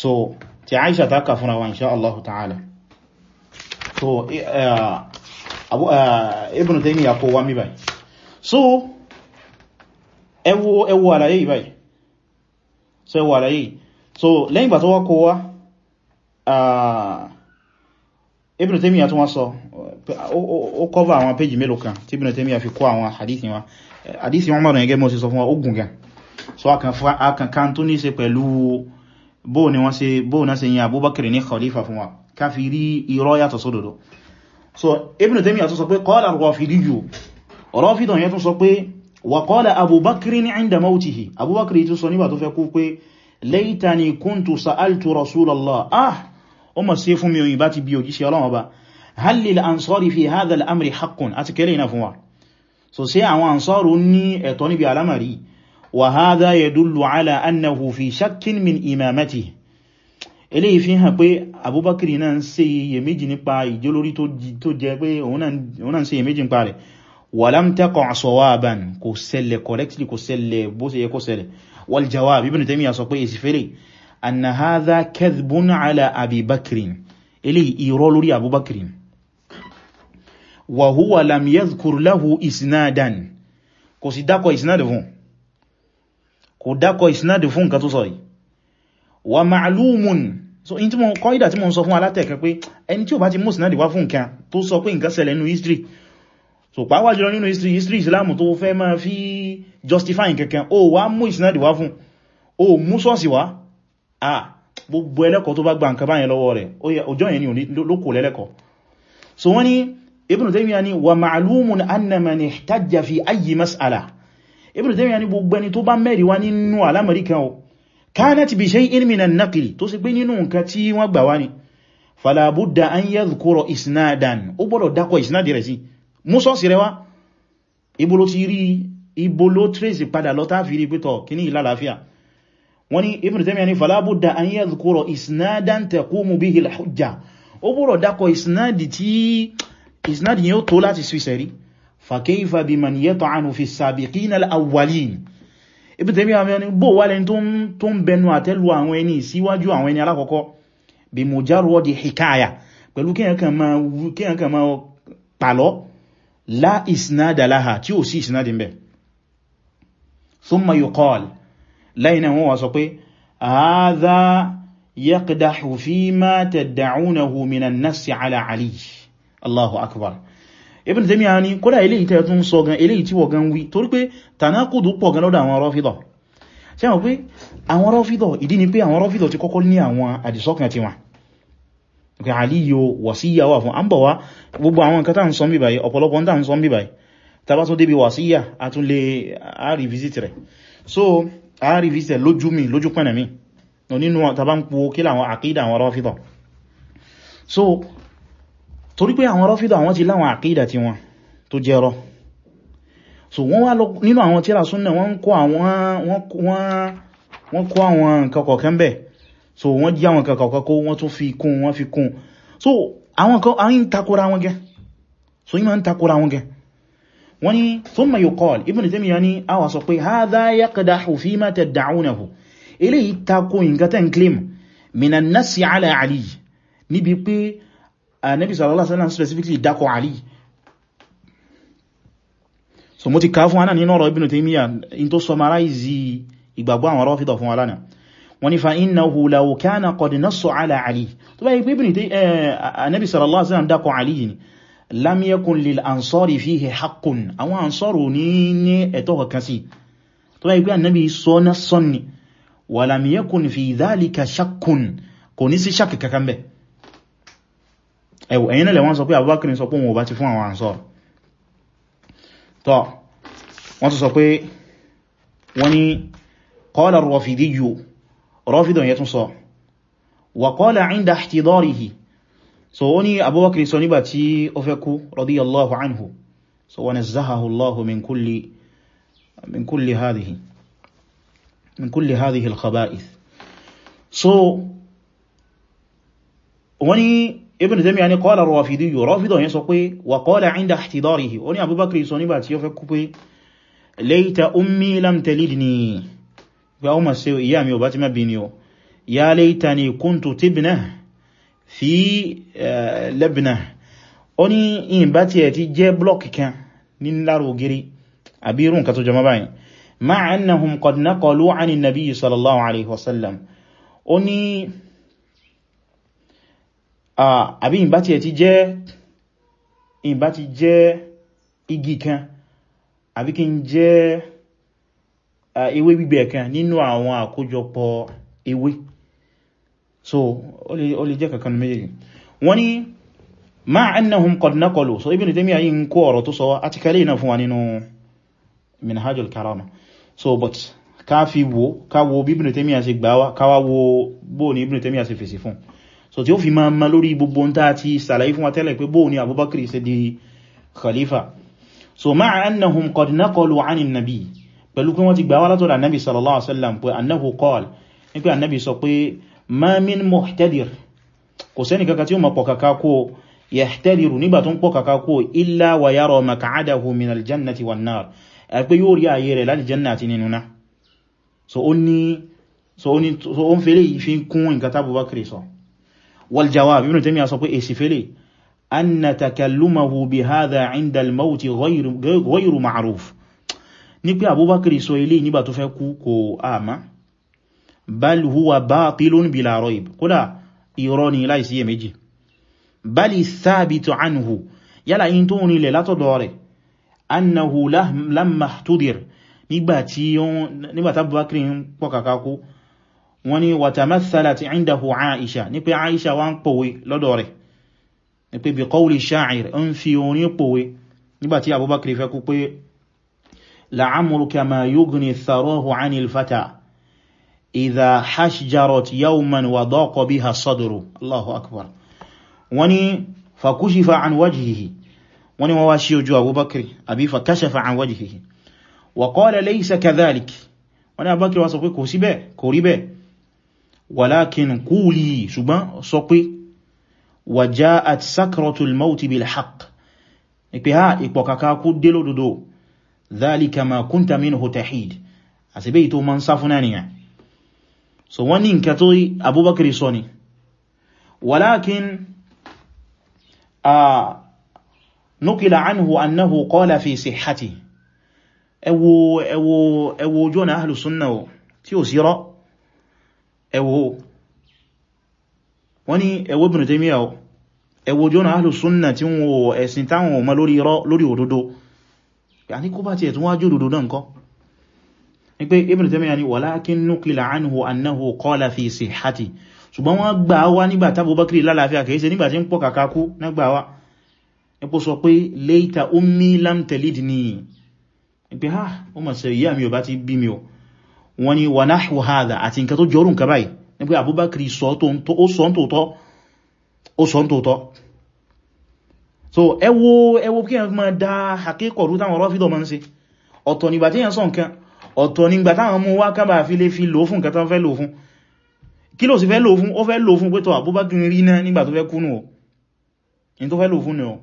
so ti Aisha ta kà fúnra wa insha Allah ta'ala so e, e, e, Ibn Taymiyyah kó wá mi báyìí so ẹwọ ẹwọ àlàyé yìí báyìí so ẹwọ àlàyé so lẹ́yìn gbà tó wá kó wá Ibn Taymiyyah tún wá sọ ó cover àwọn page mélòó kan tí Ibn Taymiyyah fi kó àwọn hadith wa hadith wọn mọ̀rọ̀ ẹgẹ́ mọ́ sí sọ fún wa ogun gan so akankan tó ní ṣe pẹ̀lú bóò ni wọ́n ṣe bóò náà ṣe yìn Abubakar ní khalifa fún wa ká fi rí irọ́ so Ibn Taymiyyah tún sọ pé qala al-Rafidiyyu Rafidun yẹn tún sọ pé wa qala Abubakar ní 'inda mawtihi Abubakar tún sọ nígbà tó fẹ́ kú pé laytani kuntu sa'altu Rasulallah ah ó mọ̀ sí fún mi òyìnbá ti bí òjíṣẹ́ Ọlọ́run ọba hal lil ansari fi hadha al amri haqqun àti kẹlẹ̀ iná fún wa so sí àwọn ansaru ní ẹ̀tọ́ níbi alamari wa hadha yadullu ala annahu fi shakkin min imamatihi eléyìí fi hàn pé Abubakar náà ń ṣe iyèméjì nípa ìjólórí tó jẹ pé òun náà ń ṣe iyèméjì nípa rẹ̀ walam taqa sawaban kò ṣẹlẹ̀ correctly kò ṣẹlẹ̀ bó ṣe yẹ kó ṣẹlẹ̀ wal jawab Ibn Taymiyyah sọ pé èsì fẹ́lẹ̀ anna hadha kadhbun ala abi bakrin eléyìí irọ́ lórí abu bakrin wa huwa lam yadhkur lahu isnadan kò sì dákọ̀ isnad fún kò dákọ̀ isnad fún nǹkan tó sọ yìí so in tí mo kọ́ ìdá tí mo sọ fún alátẹ̀kẹ́ pé ẹni tí ó bá ti mú sinadi wá fún nǹkan tó sọ pé nǹkan ṣẹlẹ̀ nínú history so pàápàá jùlọ nínú history history islam tó fẹ́ máa fi justify nǹkankan ó wá mú ìsinadi wá fún ó mú sọ́ọ̀sì wá ah gbogbo ẹlẹ́kọ̀ọ́ tó bá gba nǹkan báyẹn lọ́wọ́ rẹ̀ ọjọ́ yẹn ni lókò lẹ́lẹ́kọ̀ọ́ so wọ́n ni Ibn Taymiyyah ni wa ma'lumun anna man ihtajja fi ayyi mas'ala Ibn Taymiyyah ni gbogbo ẹni tó bá mẹ́rin wá nínú alámọ̀rí kan o kanat bi shay'in min an-naql tó sì pé nínú nǹkan tí wọ́n gbà wá ni fala budda an yadhkura isnadan ó gbọ́dọ̀ dákọ̀ isnadi rẹ̀ sí mú sọ́ọ̀sì rẹ̀ wá ti rí ibo trace padà lọ táàfi rí pẹ́tọ̀ kíní ìlàláfíà wọ́n ní Ibn Taymiyyah ní falabudda an yadhkura isnadan taqumu bihi al-hujja ó búrọ̀ dákọ̀ isnadi tí isnadi yóò tó láti swisẹ̀rí fa kayfa biman yat'anu fi as-sabiqina al-awwalin Ibn Taymiyyah ní bó wà lẹ́ni tó ń bẹnu àtẹ́lu àwọn ẹni síwájú àwọn ẹni alákọ̀ọ́kọ́ bí mujarradi hikaya pẹ̀lú kíyàn kan máa pàlọ́ yuqal lẹ́yìn náà wọ́n wá sọ pé hadha yaqdahu fima tad'unahu minan nassi ala ali allahu akbar ibn Taymiyyah ní kódà eléyìí tẹ́ tún sọ gan eléyìí tí wọ́n gan wí torí pé tanakudu pọ̀ gan lọ́dọ̀ àwọn Rāfidah ṣé wọ́n pé àwọn Rāfidah ìdí ni pé àwọn Rāfidah ti kọ́kọ́ ní àwọn àdìsọ́kàn tiwọn pé àlíyò wàsíyà wà fún àmbọ̀wá gbogbo àwọn nǹkan tàn revisit rẹ̀ so a rí fíṣẹ̀ lójú mi lójú pẹ̀nà mi nínú tàbá ń po kí láwọn àkídà àwọn rọ́fídà so torí pé àwọn rọ́fídà àwọn ti láwọn àkídà ti wọn tó jẹrọ so wọ́n wá nínú àwọn tíra súnnà wọ́n kó àwọn nǹkan bẹ̀ so wọ́n jí àwọn nǹkan kọ̀ọ̀kan kó wọ́n tún fi kún wọ́n fi kún so àwọn nǹkan takora so yí ma ń wọ́n ni thumma yuqal Ibn Taymiyyah ni a wà sọ pé hadha yaqdahu fima tad'unahu eléyìí tako nǹkan tẹ́ ń claim minan nasi ala Ali níbi pé Ànábì sallallahu alaihi wasallam specifically dákọ̀ Ali so mo ti ká fún aná nínú ọ̀rọ̀ Ibn Taymiyyah in tó summarize ìgbàgbọ́ àwọn Rāfidah fún alána wọ́n ni fa innahu law kana qad nassa ala Ali tó bá yí pé Ànábì eh, sallallahu alaihi wasallam Ali ni lam yakun lil ansari fihi haqqun àwọn ansọ́rù ní ní ẹ̀tọ́ kankan sí tó bá ìgbé annabi sọ́nà sọ́nni wa lam yakun fi dhalika shakkun kò ní sí shakka kankan bẹ̀ ẹ̀wọ̀ ẹ̀yìn náà lẹ́wọ́n sọ pé abubakar sọ pé wọn ò bá ti fún àwọn ansọ́rù tọ́ wọ́n sọ pé wọ́n ni qala ar-rafidiyyu yẹ tún sọ wa qala 'inda ihtidarihi so wọ́n ni abubakar sọ nígbà tí ó fẹ́ kú radiyallahu anhu so wa nazzahahu allahu min kulli min kulli hadhihi min kulli hadhihi al-khaba'ith so wọ́n ni ibn Taymiyyah ni qala ar-Rafidi Rafidi yẹn sọ pé wa qala 'inda ihtidarihi wọ́n ni abubakar sọ nígbà tí ó fẹ́ kú pé layta ummi lam talidni gbà ó ni kuntu tibna fi eh, Lebna ó ní ìyìnbá tí ẹ̀ ti jẹ́ blọ́kì kan ní lára ògiri àbí irú nǹkan tó jọmọ́ báyìí ma'a annahum qad naqalu 'ani an-nabiy sallallahu alaihi wasallam ó ní àbí ìyìnbá tí ẹ̀ ti jẹ́ ìyìnbá ti jẹ́ igi kan àbí kí n jẹ́ ewé gbígbẹ kan nínú àwọn àkójọpọ̀ ewé so ó lè jẹ́ kankan méjì wọ́n ní ma annahum qad naqalu so Ibn Taymiyyah yìí ń kó ọ̀rọ̀ tó sọ àtikẹ́lẹ̀ náà fún wa nínú minhajul karama so but ká fi wo ká wo bí Ibn Taymiyyah ṣe gbà wá ká wá wo bó ni Ibn Taymiyyah ṣe fèsì fún so tí ó fi máa ma lórí gbogbo ń tàà ti sàlàyé fún wa tẹ́lẹ̀ pé bó ni Abubakar ṣe di khalifa so ma annahum qad naqalu anin nabi pẹ̀lú pé wọ́n ti gbà wá látọ̀dọ̀ annabi sallallahu alaihi wasallam pé annahu qala ní pé annabi sọ pé ma min muhtadir kò sẹ́ni kankan tí ó ma pọ̀ kaka kó yahtadiru nígbà tó ń pọ̀ kaka kó illa wa yara maq'adahu min aljannati wan nar ẹ pé yóò rí ààyè rẹ̀ láti janna nínú náà so ó ní so ó so ó ń fẹ́lẹ̀ ìfin kún nǹkan tábù bá kìrì sọ wal jawab ibn Taymiyyah sọ pé èsì fẹ́lẹ̀ anna takalumahu bi hadha inda al-mawti ghayru ma'ruf ní pé Abubakar bal huwa batilun bila raib kódà irọ́ ni láìsí iyèméjì bal thabitu anhu yálà yí tó rí lẹ̀ látọ̀dọ̀ rẹ̀ annahu lamma ihtudir nígbàtí Abubakar ń pọ̀kàkákú wọ́n ni wa tamathalat indahu Aisha ní pé Aisha wá ń pòwe lọ́dọ̀ rẹ̀ ní pé bí qawli sha'ir ń fi orin pòwe nígbàtí Abubakar fẹ́ kú pé la'amruka ma yughni tharuhu 'anil fata idha hashjarat yawman wa daqa biha sadru Allahu akbar wani fakushifa an wajhihi wani wa washi ojú abubakar abi fakashafa an wajhihi wa qala laysa kadhalik wani abubakar wa sọ pé kò sí bẹ́ẹ̀ kò rí bẹ́ẹ̀ walakin quli ṣùgbọ́n sọ pé wa ja'at sakratul maut bil haqq ipe ha ipokaka ku dé lódodo ma kunta minhu tahid asibe ito man safuna niyan so wọ́n ní nǹkan tó Abubakar sọ ni walakin a nukila anhu annahu qala fi sihhati ẹwọ ẹwọ ẹwọ ojú ọ̀nà ahlu sunna o tí ó sírọ́ ẹwọ wọ́n ní ẹwọ Ibn Taymiyyah ẹwọ ojú ọ̀nà ahlu sunna tí wọ́n ẹ̀sìn táwọn ọmọ lórí òdodo ní pé Ibn Taymiyyah ni walakin nuqila anhu annahu qala fi sihhati ṣùgbọ́n wọ́n gbà wá nígbà tí Abubakri lálàáfíà kìí ṣe nígbà tí ń pọ̀ kàkàkú nígbà wá ẹpò sọ pé laita ummi lam talidni pé ha o mọ̀ sẹ ìyá mi ò bá ti bí mi o wọ́n ni so ẹwọ ẹwọ kí ẹ máa dá àkíkọ̀rú táwọn rọ́fídọ̀ máa ń ṣe ọ̀tọ̀ nígbà yẹn sọ nǹkan ọ̀tọ̀ nígbà táwọn mú wá kábà fi lè fi lò fún nǹkan tán fẹ́ lò fún kí ló sì fẹ́ lò fún ó fẹ́ lò fún pé tọ́ Abubakar rí náà nígbà tó fẹ́ kúnù ọ̀ in tó fẹ́ lò fún ni ọ̀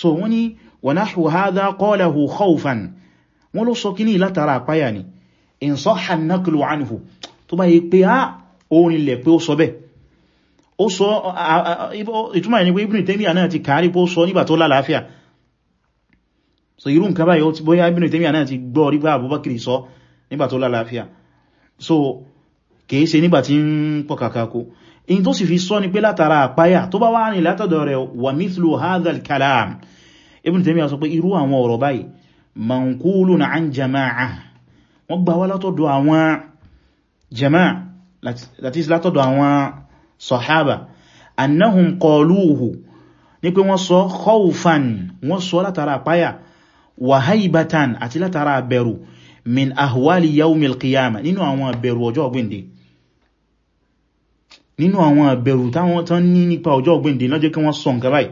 so wọ́n ni wa nahwu hadha qalahu khawfan wọ́n ló sọ kíní látara àpáyà ni in sahha an-naqlu tó bá yí pé á ah, òun ilẹ̀ pé ó sọ bẹ́ ó sọ ìtumọ̀ ìní pé Ibn Taymiyyah náà ti kàárí pé ó sọ nígbà tó lálàáfíà so irú nǹkan báyìí ó ti bóyá Ibn Taymiyyah náà ti gbọ́ rígbà Abubakar sọ nígbà tó lálàáfíà so kìí ṣe nígbà tí ń pọ̀ kàkàkó in tó sì fi sọ ni pé látara àpáyà tó bá wá ní látọ̀dọ̀ rẹ̀ wà mithlu hadhal kalam Ibn Taymiyyah sọ pé irú àwọn ọ̀rọ̀ báyìí manqulun an jama'a wọ́n gbà wá látọ̀dọ̀ àwọn jama'a láti látọ̀dọ̀ àwọn sahaba annahum qaluhu ní pé wọ́n sọ khawfan wọ́n sọ látara àpáyà wa haibatan àti látara abẹ̀rù min ahwali yawmil qiyama nínú àwọn abẹ̀rù ọjọ́ ọgbìndì nínú àwọn abẹ̀rù táwọn tán ní nípa ọjọ́ ọgbìndì lọ́jẹ́ kí wọ́n sọ nǹkan báyìí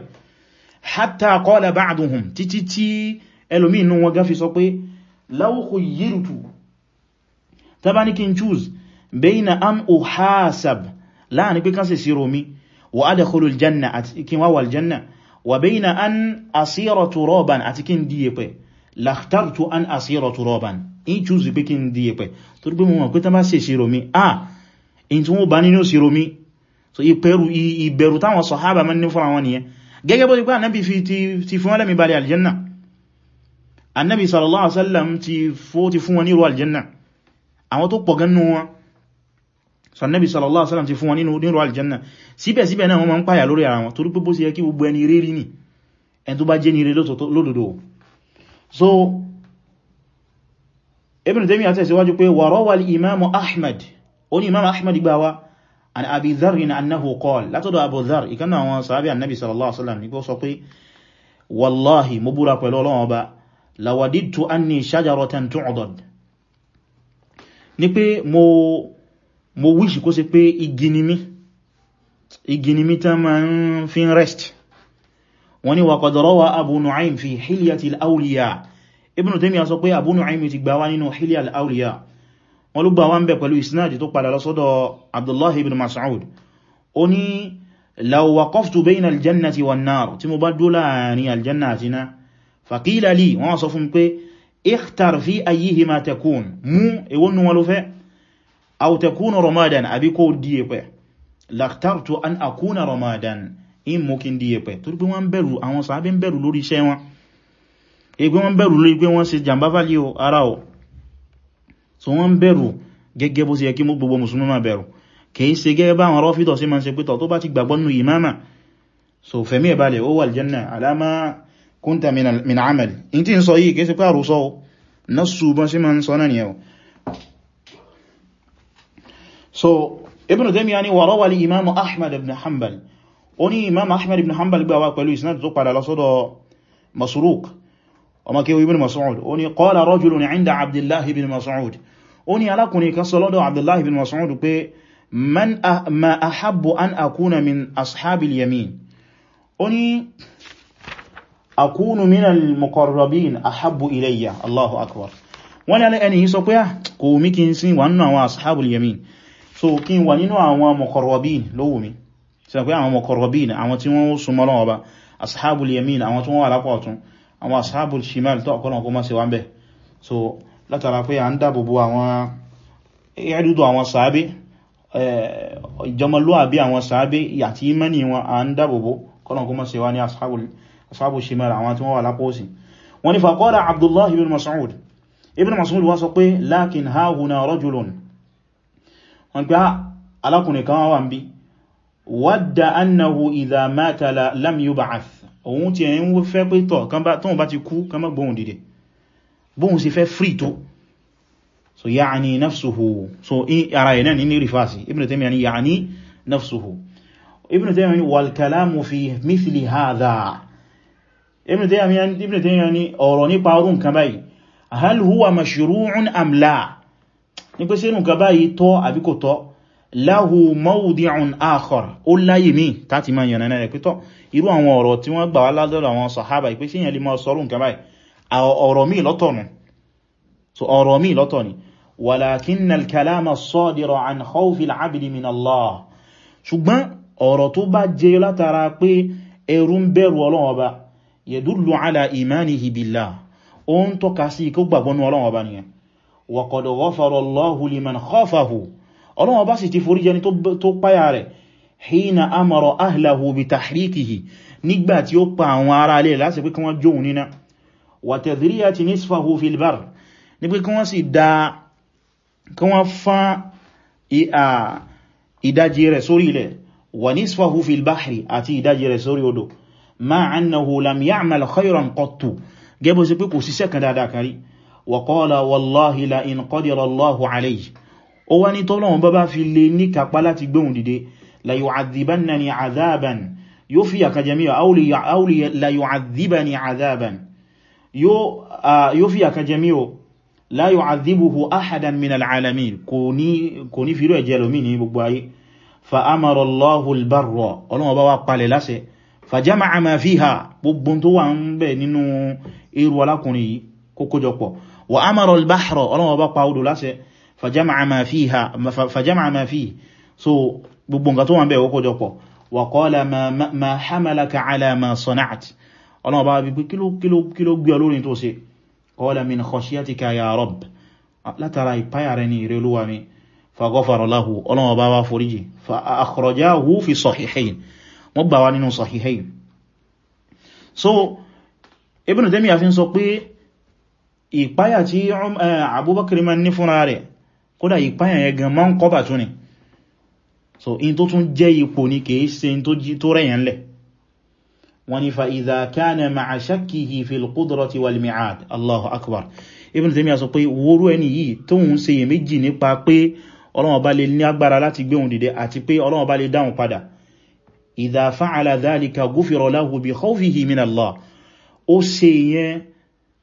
hatta qala ba'duhum títí tí ẹlòmí inú wọn gáfi sọ pé law khuyyirtu tabani kin choose bayna an uhasab láàrin pé kan sì sí romi wa adkhulul wa bayna an asira turaban àti kí n di yẹ̀pẹ̀ lakhtartu an asira turaban in choose pé kí n di yẹ̀pẹ̀ torí pé mo mọ̀ pé tán bá ṣe ṣírò mi ah in tí wọ́n bá nínú ṣírò mi so ìbẹ̀rù táwọn sọ̀hábà mọ́ ní fúnra wọn nìyẹn gẹ́gẹ́ bó ti pé ànábì fi ti fún ẹlẹ́mì balẹ̀ aljanna ànábì sallallahu alaihi wasallam ti fún wọn ní irú aljanna àwọn tó pọ̀ gan nínú wọn sannabi sallallahu alaihi wasallam ti fún wọn nínú nínú aljanna síbẹ̀síbẹ̀ náà wọ́n ma ń pàyà lórí ara wọn torí pé bó ṣe yẹ kí gbogbo ẹni rírí ni ẹni tó bá jẹ́ ni rí lódòdó so ibn Taymiyyah tẹ̀síwájú pé wa rawal imam ahmad ó ní imam ahmad gbà wá an abi dharrin annahu qala látọ̀dọ̀ abu dhar ìkan náà wọn sàábí annabi sallallahu alaihi wasallam ní kó sọ pé wallahi mo búra pẹ̀lú ọlọ́wọ́ ọba lawadidtu anni shajaratan tu'dad ni pé mo mo wíṣì kó ṣe pé igi ni mí igi ni mí tá ma ń fi rest wọ́n ní wa qad rawa Abu Nu'aym fi Hilyatil Awliya Ibn Taymiyyah sọ pé Abu Nu'aym ti gbà wá nínú Hilyatil Awliya wọ́n ló gbà wá ń bẹ̀ pẹ̀lú isnadi tó padà lọ́sọ́dọ̀ Abdullahi ibn Mas'ud ó ní law waqaftu bayna aljannati wan aw takuna ramadan àbí kó di èpẹ̀ laktartu an akuna ramadan in mú kí pe. di èpẹ̀ beru pé wọ́n bẹ̀rù àwọn sàábí ń bẹ̀rù lórí iṣẹ́ wọn ẹgbẹ́ wọ́n bẹ̀rù lórí pé wọ́n o ara o so wọ́n beru gẹ́gẹ́ bó ṣe yẹ kí mú gbogbo musulmi ma bẹ̀rù kìí ṣe gẹ́gẹ́ bá àwọn rọ́fídọ̀ sí ma ń ṣe pé tó ti gbàgbọ́ nù ìmáàmà so fẹ̀mí ẹ̀balẹ̀ ó wà aljanna alama kunta min amal in ti ń sọ yìí kìí ṣe pé àrùsọ nasu bọ́n sí ma ń sọ náà nìyẹn so ibn Taymiyyah ni warawa li imam ahmad ibn hanbal ó ní imam ahmad ibn hanbal gbà wá pẹ̀lú isnad tó padà lọ́sọ́dọ̀ masruq ọmọ kéwú ibn mas'ud ó ní qala rajulun 'inda abdullah ibn mas'ud ó ní alákùnrin kan sọ lọ́dọ̀ abdullah ibn mas'ud pé man ma ahabbu an akuna min ashabil yamin ó ní akunu min al-muqarrabin ahabbu ilayya allahu akbar wọ́n ní yí sọ pé ah, kò mí kí n sí wà nínú àwọn yamin so kí n wà nínú àwọn mọ̀kọ̀rọ̀bìn lówù mi ṣe pé àwọn mọ̀kọ̀rọ̀bìn àwọn tí wọ́n súnmọ́ Ọlọ́run Ọba ashabul yamin àwọn tí wọ́n wà lápá ọ̀tún àwọn ashabul shimal tó ọ̀kọ́lọ̀ kó má ṣe wá bẹ̀ so látara pé à ń dábòbò àwọn ẹ̀rùdù àwọn sàábé ìjọmọlúàbí àwọn sàábé àti imani wọn à ń dábòbò kọ́lọ̀ kó má ṣe wá ní ashabul shimal àwọn tí wọ́n wà lápá òsì wọ́n ni faqala Abdullah ibn Mas'ud ibn Mas'ud wá sọ wọ́n gbá ah, alákùnrin kan wà ń bí wadda annahu idha mata lam yub'ath òun ti ẹ̀yìn wó fẹ́ pé tọ̀ tóun bá ti kú kan má gbóhùn dìde bóhùn sí fẹ́ free tó so ya'ni nafsuhu so ara ẹ̀ náà ní rifasi ibn Taymiyyah ni ya'ni nafsuhu ibn Taymiyyah ni wal kalamu fi mithli hadha ibn Taymiyyah ni ọ̀rọ̀ nípa orun kan báyìí hal huwa mashru'un am la ní pé sínú ka báyìí tọ́ àbí kò tọ́ láhù mawdi'un akhar ó láyé mi tàti ma yànnà rẹ̀ pé tọ́ irú àwọn ọ̀rọ̀ tí wọ́n gbà wá ládọ́lọ̀ àwọn sàhábà ìpé síyàn lè máa sọ́rọ̀ nǹkan báyìí ọ̀rọ̀ míì lọ́tọ̀ ni so ọ̀rọ̀ míì lọ́tọ̀ ni walakinna al-kalama as-sadira an khawfi al-'abdi min Allah ṣùgbọ́n ọ̀rọ̀ tó wa qad ghafara Allahu liman khafahu Ọlọ́run bá sì ti foríjì ẹni tó páyà rẹ̀ hina amara ahlahu bi tahrikihi nígbà tí ó pa àwọn ará alẹ́ láti pé kí wọ́n jóun níná wa tadhriyati وقال والله لئن قدر الله عليه ó wá ní tọ́lọ́run bá bá fi lè ní kàpá láti gbóhùn dìde la yu'adhibannani 'adhaban yóò fi yà kàjẹmí aw la yu'adhibani 'adhaban yóò fi yà kàjẹmí o la yu'adhibuhu ahadan min al'alamin kò ní fìrò ẹ̀jẹ̀ lómi ní gbogbo ayé fa amara Allahu ọlọ́wọ́ bá wá palẹ̀ láṣẹ fa jama'a ma gbogbo tó wà ń bẹ nínú eru alákùnrin yìí kókójọpọ̀ wa amara al-bahra ọlọ́wọ́ bá pa odò láṣẹ fajama'a ma fiha fajama'a so gbogbo nǹkan tó wà ń bẹ̀ wọ́kọ́ jọpọ̀ wa qala ma hamalaka ala ma sana'at ọlọ́wọ́ bá bí kí ló gbé olórin tó ṣe qala min khashyatika ya rabb ah, látara ìpáyà rẹ ni ìrẹlúwa mi faghafara lahu ọlọ́wọ́ bá wá foríjì so Ibn Taymiyyah fi ń ìpáyà tí eh, Abubakar ma ní fúnra rẹ̀ kódà ìpáyà yẹn gan ma ń kọ́bà tún ni so in tó tún jẹ́ ipò ní kìí ṣe in tó rẹ̀yàn lẹ̀ wọ́n ni fa'iza kana ma'a shakkihi fil qudrati wal mi'ad allahu akbar ibn Taymiyyah sọ pé wóró ẹni yìí tó ń ṣe yẹ méjì nípa pé Ọlọ́run lè ní agbára láti gbé òun dìde àti pé Ọlọ́run lè dáhùn padà idha fa'ala dhalika ghufira lahu bi khawfihi min Allah ó ṣe yẹn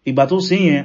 ìgbà tó ṣe yẹn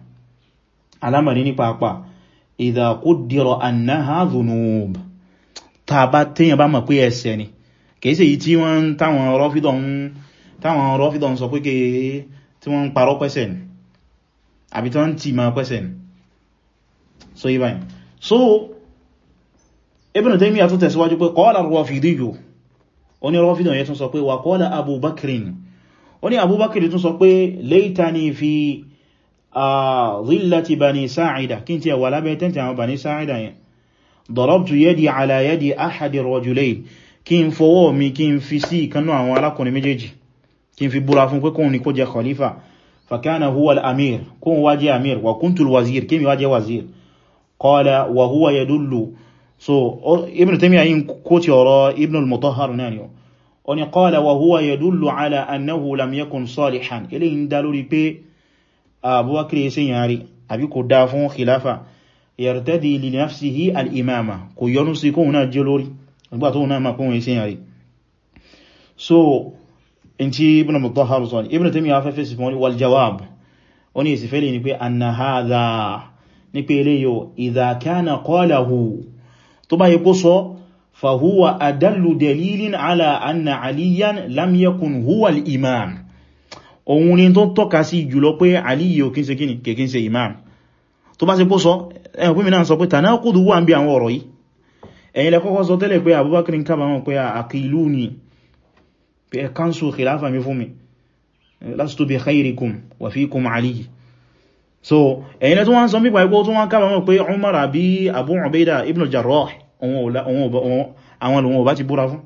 alámàrí ní pàápàá idha quddira annaha dhunub ta bá tẹ́yàn bá mọ̀ pé ẹ̀ṣẹ̀ ni kèése yìí tí wọ́n táwọn rọ́fídọ̀n sọ pé tí wọ́n ń parọ́ pẹ́sẹ̀ ni àbí tán tí ma pẹ́sẹ̀ ni so yí báyìí so Ibn Taymiyyah tún tẹ̀síwájú pé qala ar-Rafidiyyu ó ní tún sọ pé wa qala dhillati bani sa'ida kí n tí ẹwà lábẹ́ tẹ́ntì àwọn bani sa'ida yẹn darabtu yadi ala yadi ahadi rajulayn kí n fọwọ́ mi kí n fi sí ìkanú àwọn alákùnrin méjèèjì kí n fi búra fún pé kóhun ni kó jẹ khalifa fakana huwa al-amir kóhun wá jẹ amir wa kuntu al-wazir kí mi wá jẹ wazir qala wa huwa yadullu so ibn taymiyyah yin ko ti ọ̀rọ̀ ibn al-mutahhar nani o oni qala wa huwa yadullu ala annahu lam yakun salihan ile in dalori pé abubakar yẹsẹ̀ yàn rí àbí kò dá fún khilafa yartadi li nafsihi al-imama kò yọnu sí kóhun náà jẹ́ lórí nígbà náà ma kóhun yẹsẹ̀ so in ti ibn mutahhar sọ ni ibn taymiyyah fẹ́fẹ́ sí fún wal jawab ó ní èsì fẹ́lẹ̀ ni pé anna hadha ní pé eléyò idha kana qalahu tó bá yẹ kó sọ fahuwa adallu dalilin ala anna aliyan lam yakun huwa al-imam òun ni tó tọ́ka sí jùlọ pé Aliyu kí n ṣe kíni kèkín ṣe imam tó bá ṣe pó sọ ẹ̀hùn pínmì náà sọ pé tanaqudu wà ń bí àwọn ọ̀rọ̀ yìí ẹ̀yin lẹ kọ́kọ́ sọ tẹ́lẹ̀ pé Abubakar ń kábàmọ̀ pé pé wa fikum Ali so ẹ̀yin lẹ tó wọ́n sọ pípa ipò tó wọ́n kábàmọ̀ pé Umar àbí Abu Ubaida ibn Jarrah àwọn olùwọ̀n bá ti búra fún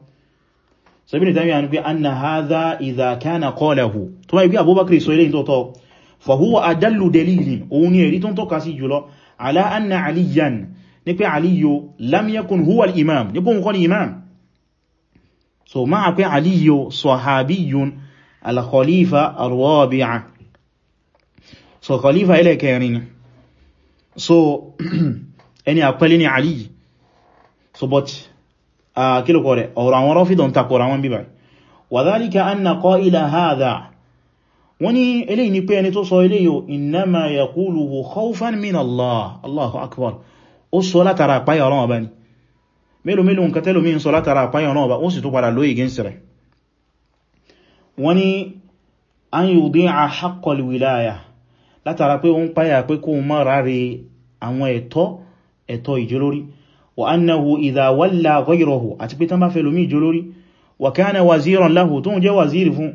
so Ibn Taymiyyah ní pé anna hadha idha kana qalahu tó wáyé bí Abubakar sọ ilé ìtọ́tọ́ fa huwa adallu dalilin òun ni èrí tó ń tọ́ka sí jùlọ ala anna aliyan ní pé aliyo lam yakun huwa al'imam ní pé òun imam so ma a pé aliyo sahabiyun al-khalifa ar so khalifa ilẹ̀ kẹrin ni so ẹni àpẹẹlẹ ni aliyi so but Ah, kílùkọ́ rẹ̀ ọ̀rọ̀ àwọn rọ́fídọ̀ ń takọ̀rọ̀ àwọn bíbá wàdálíkà anna qaila hadha wọ́n ní eléyìí ni pé ẹni tó sọ eléyìí innama yaquluhu khawfan min Allah Allahu akbar ó sọ látara àpáyà ọ̀rọ̀ ọba ni mélòó mélòó nǹkan sọ látara àpáyà ọ̀rọ̀ ọba ó sì tó padà lóyè gẹ́nsì rẹ̀ wa annahu idha walla ghayrahu àti pé tán bá fẹ́ lómi ìjólórí wa kana waziran lahu tó ń jẹ́ waziri fún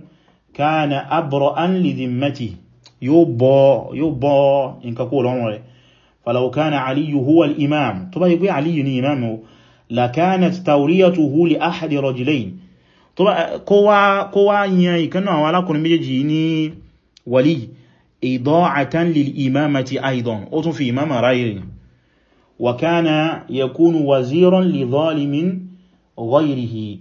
kana abra'an li dhimmati yóò bọ́ nǹkan kó lọ́rùn rẹ̀ falau kana aliyu huwa al-imam tó bá yí pé aliyu ni imam o la kanat tawriyatuhu li ahadi rajulayn tó bá kó wá yan ìkan náà alákùnrin méjèèjì ní wali ida'atan lil imamati aidan ó tún fi imama ráyìí وكان يكون وزيرا لظالم غيره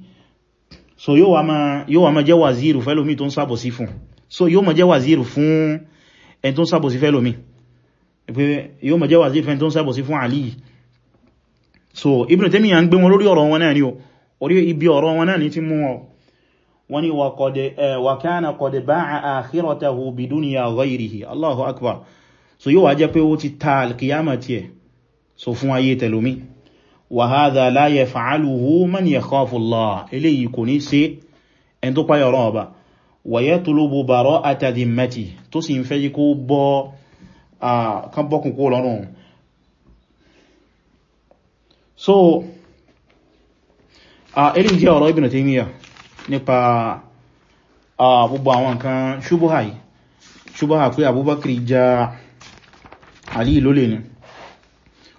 so yóò wá máa yóò wá máa jẹ́ wàzírù fẹ́lómi tó ń ṣàbòsí fún so yóò máa jẹ́ wàzírù fún ẹni tó ń ṣàbòsí fẹ́lómi pé yóò máa jẹ́ wàzírù fún ẹni tó ń ṣàbòsí fún Àlì so Ibn Taymiyyah ń gbé wọn lórí ọ̀rọ̀ wọn náà ni o orí ibi ọ̀rọ̀ wọn náà ni ti mú wọn ni eh, wa kana qad ba'a akhiratahu bidunya ghayrihi Allahu akbar so yóò wá jẹ́ pé ó ti ta alkiyama tiẹ̀ so fún ayé tẹlómi wa hadha la yaf'aluhu man yakhafu Allah eléyìí kò ní ṣe ẹn tó páyà ọ̀rọ̀ ọba wa yatlubu bara'ata dhimmati tó sì ń fẹ́ yí kó bọ́ kan bọ́kùn kó lọ́rùn so eléyìí jẹ́ ọ̀rọ̀ Ibn Taymiyyah nípa gbogbo àwọn nǹkan ṣubuhai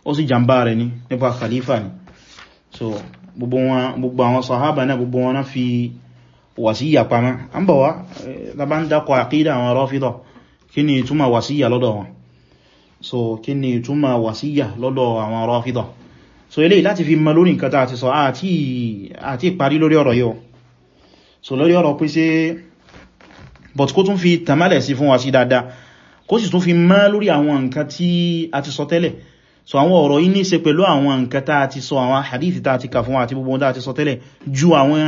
ó sì jàmbá rẹ̀ ní nípa khalifa ni so gbogbo àwọn sahaba náà gbogbo wọn fi wàsíyà pamá an bọ̀ wá lábá eh, ń dákọ̀ àkídà àwọn Rāfidah kí ni ìtumà wàsíyà lọ́dọ̀ wọn so kí ni ìtumà wàsíyà lọ́dọ̀ àwọn Rāfidah so eléyìí láti fi mọ lórí nǹkan tá àti parí lórí ọ̀rọ̀ yìí so lórí ọ̀rọ̀ pé sí but kó tún fi tàmálẹ̀ sí fún wa sí dáadáa kó sì tún fi mọ́ lórí àwọn nǹkan tí a ti sọ tẹ́lẹ̀ so àwọn ọ̀rọ̀ yìí ní ṣe pẹ̀lú àwọn nǹkan tá ti sọ àwọn hadithi tá ti kà fún àti gbogbo tá ti sọ tẹ́lẹ̀ ju àwọn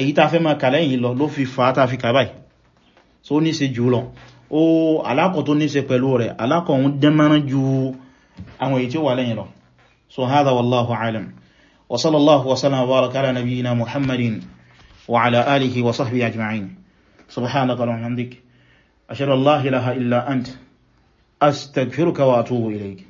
èyí tá fẹ́ máa kà lẹ́yìn lọ ló fi fa tá fi kà báyìí so ní ṣe jù lọ ó alákọ̀ tó ní ṣe pẹ̀lú rẹ̀ alákọ̀ ń dẹ́mọ́rán ju àwọn èyí tí ó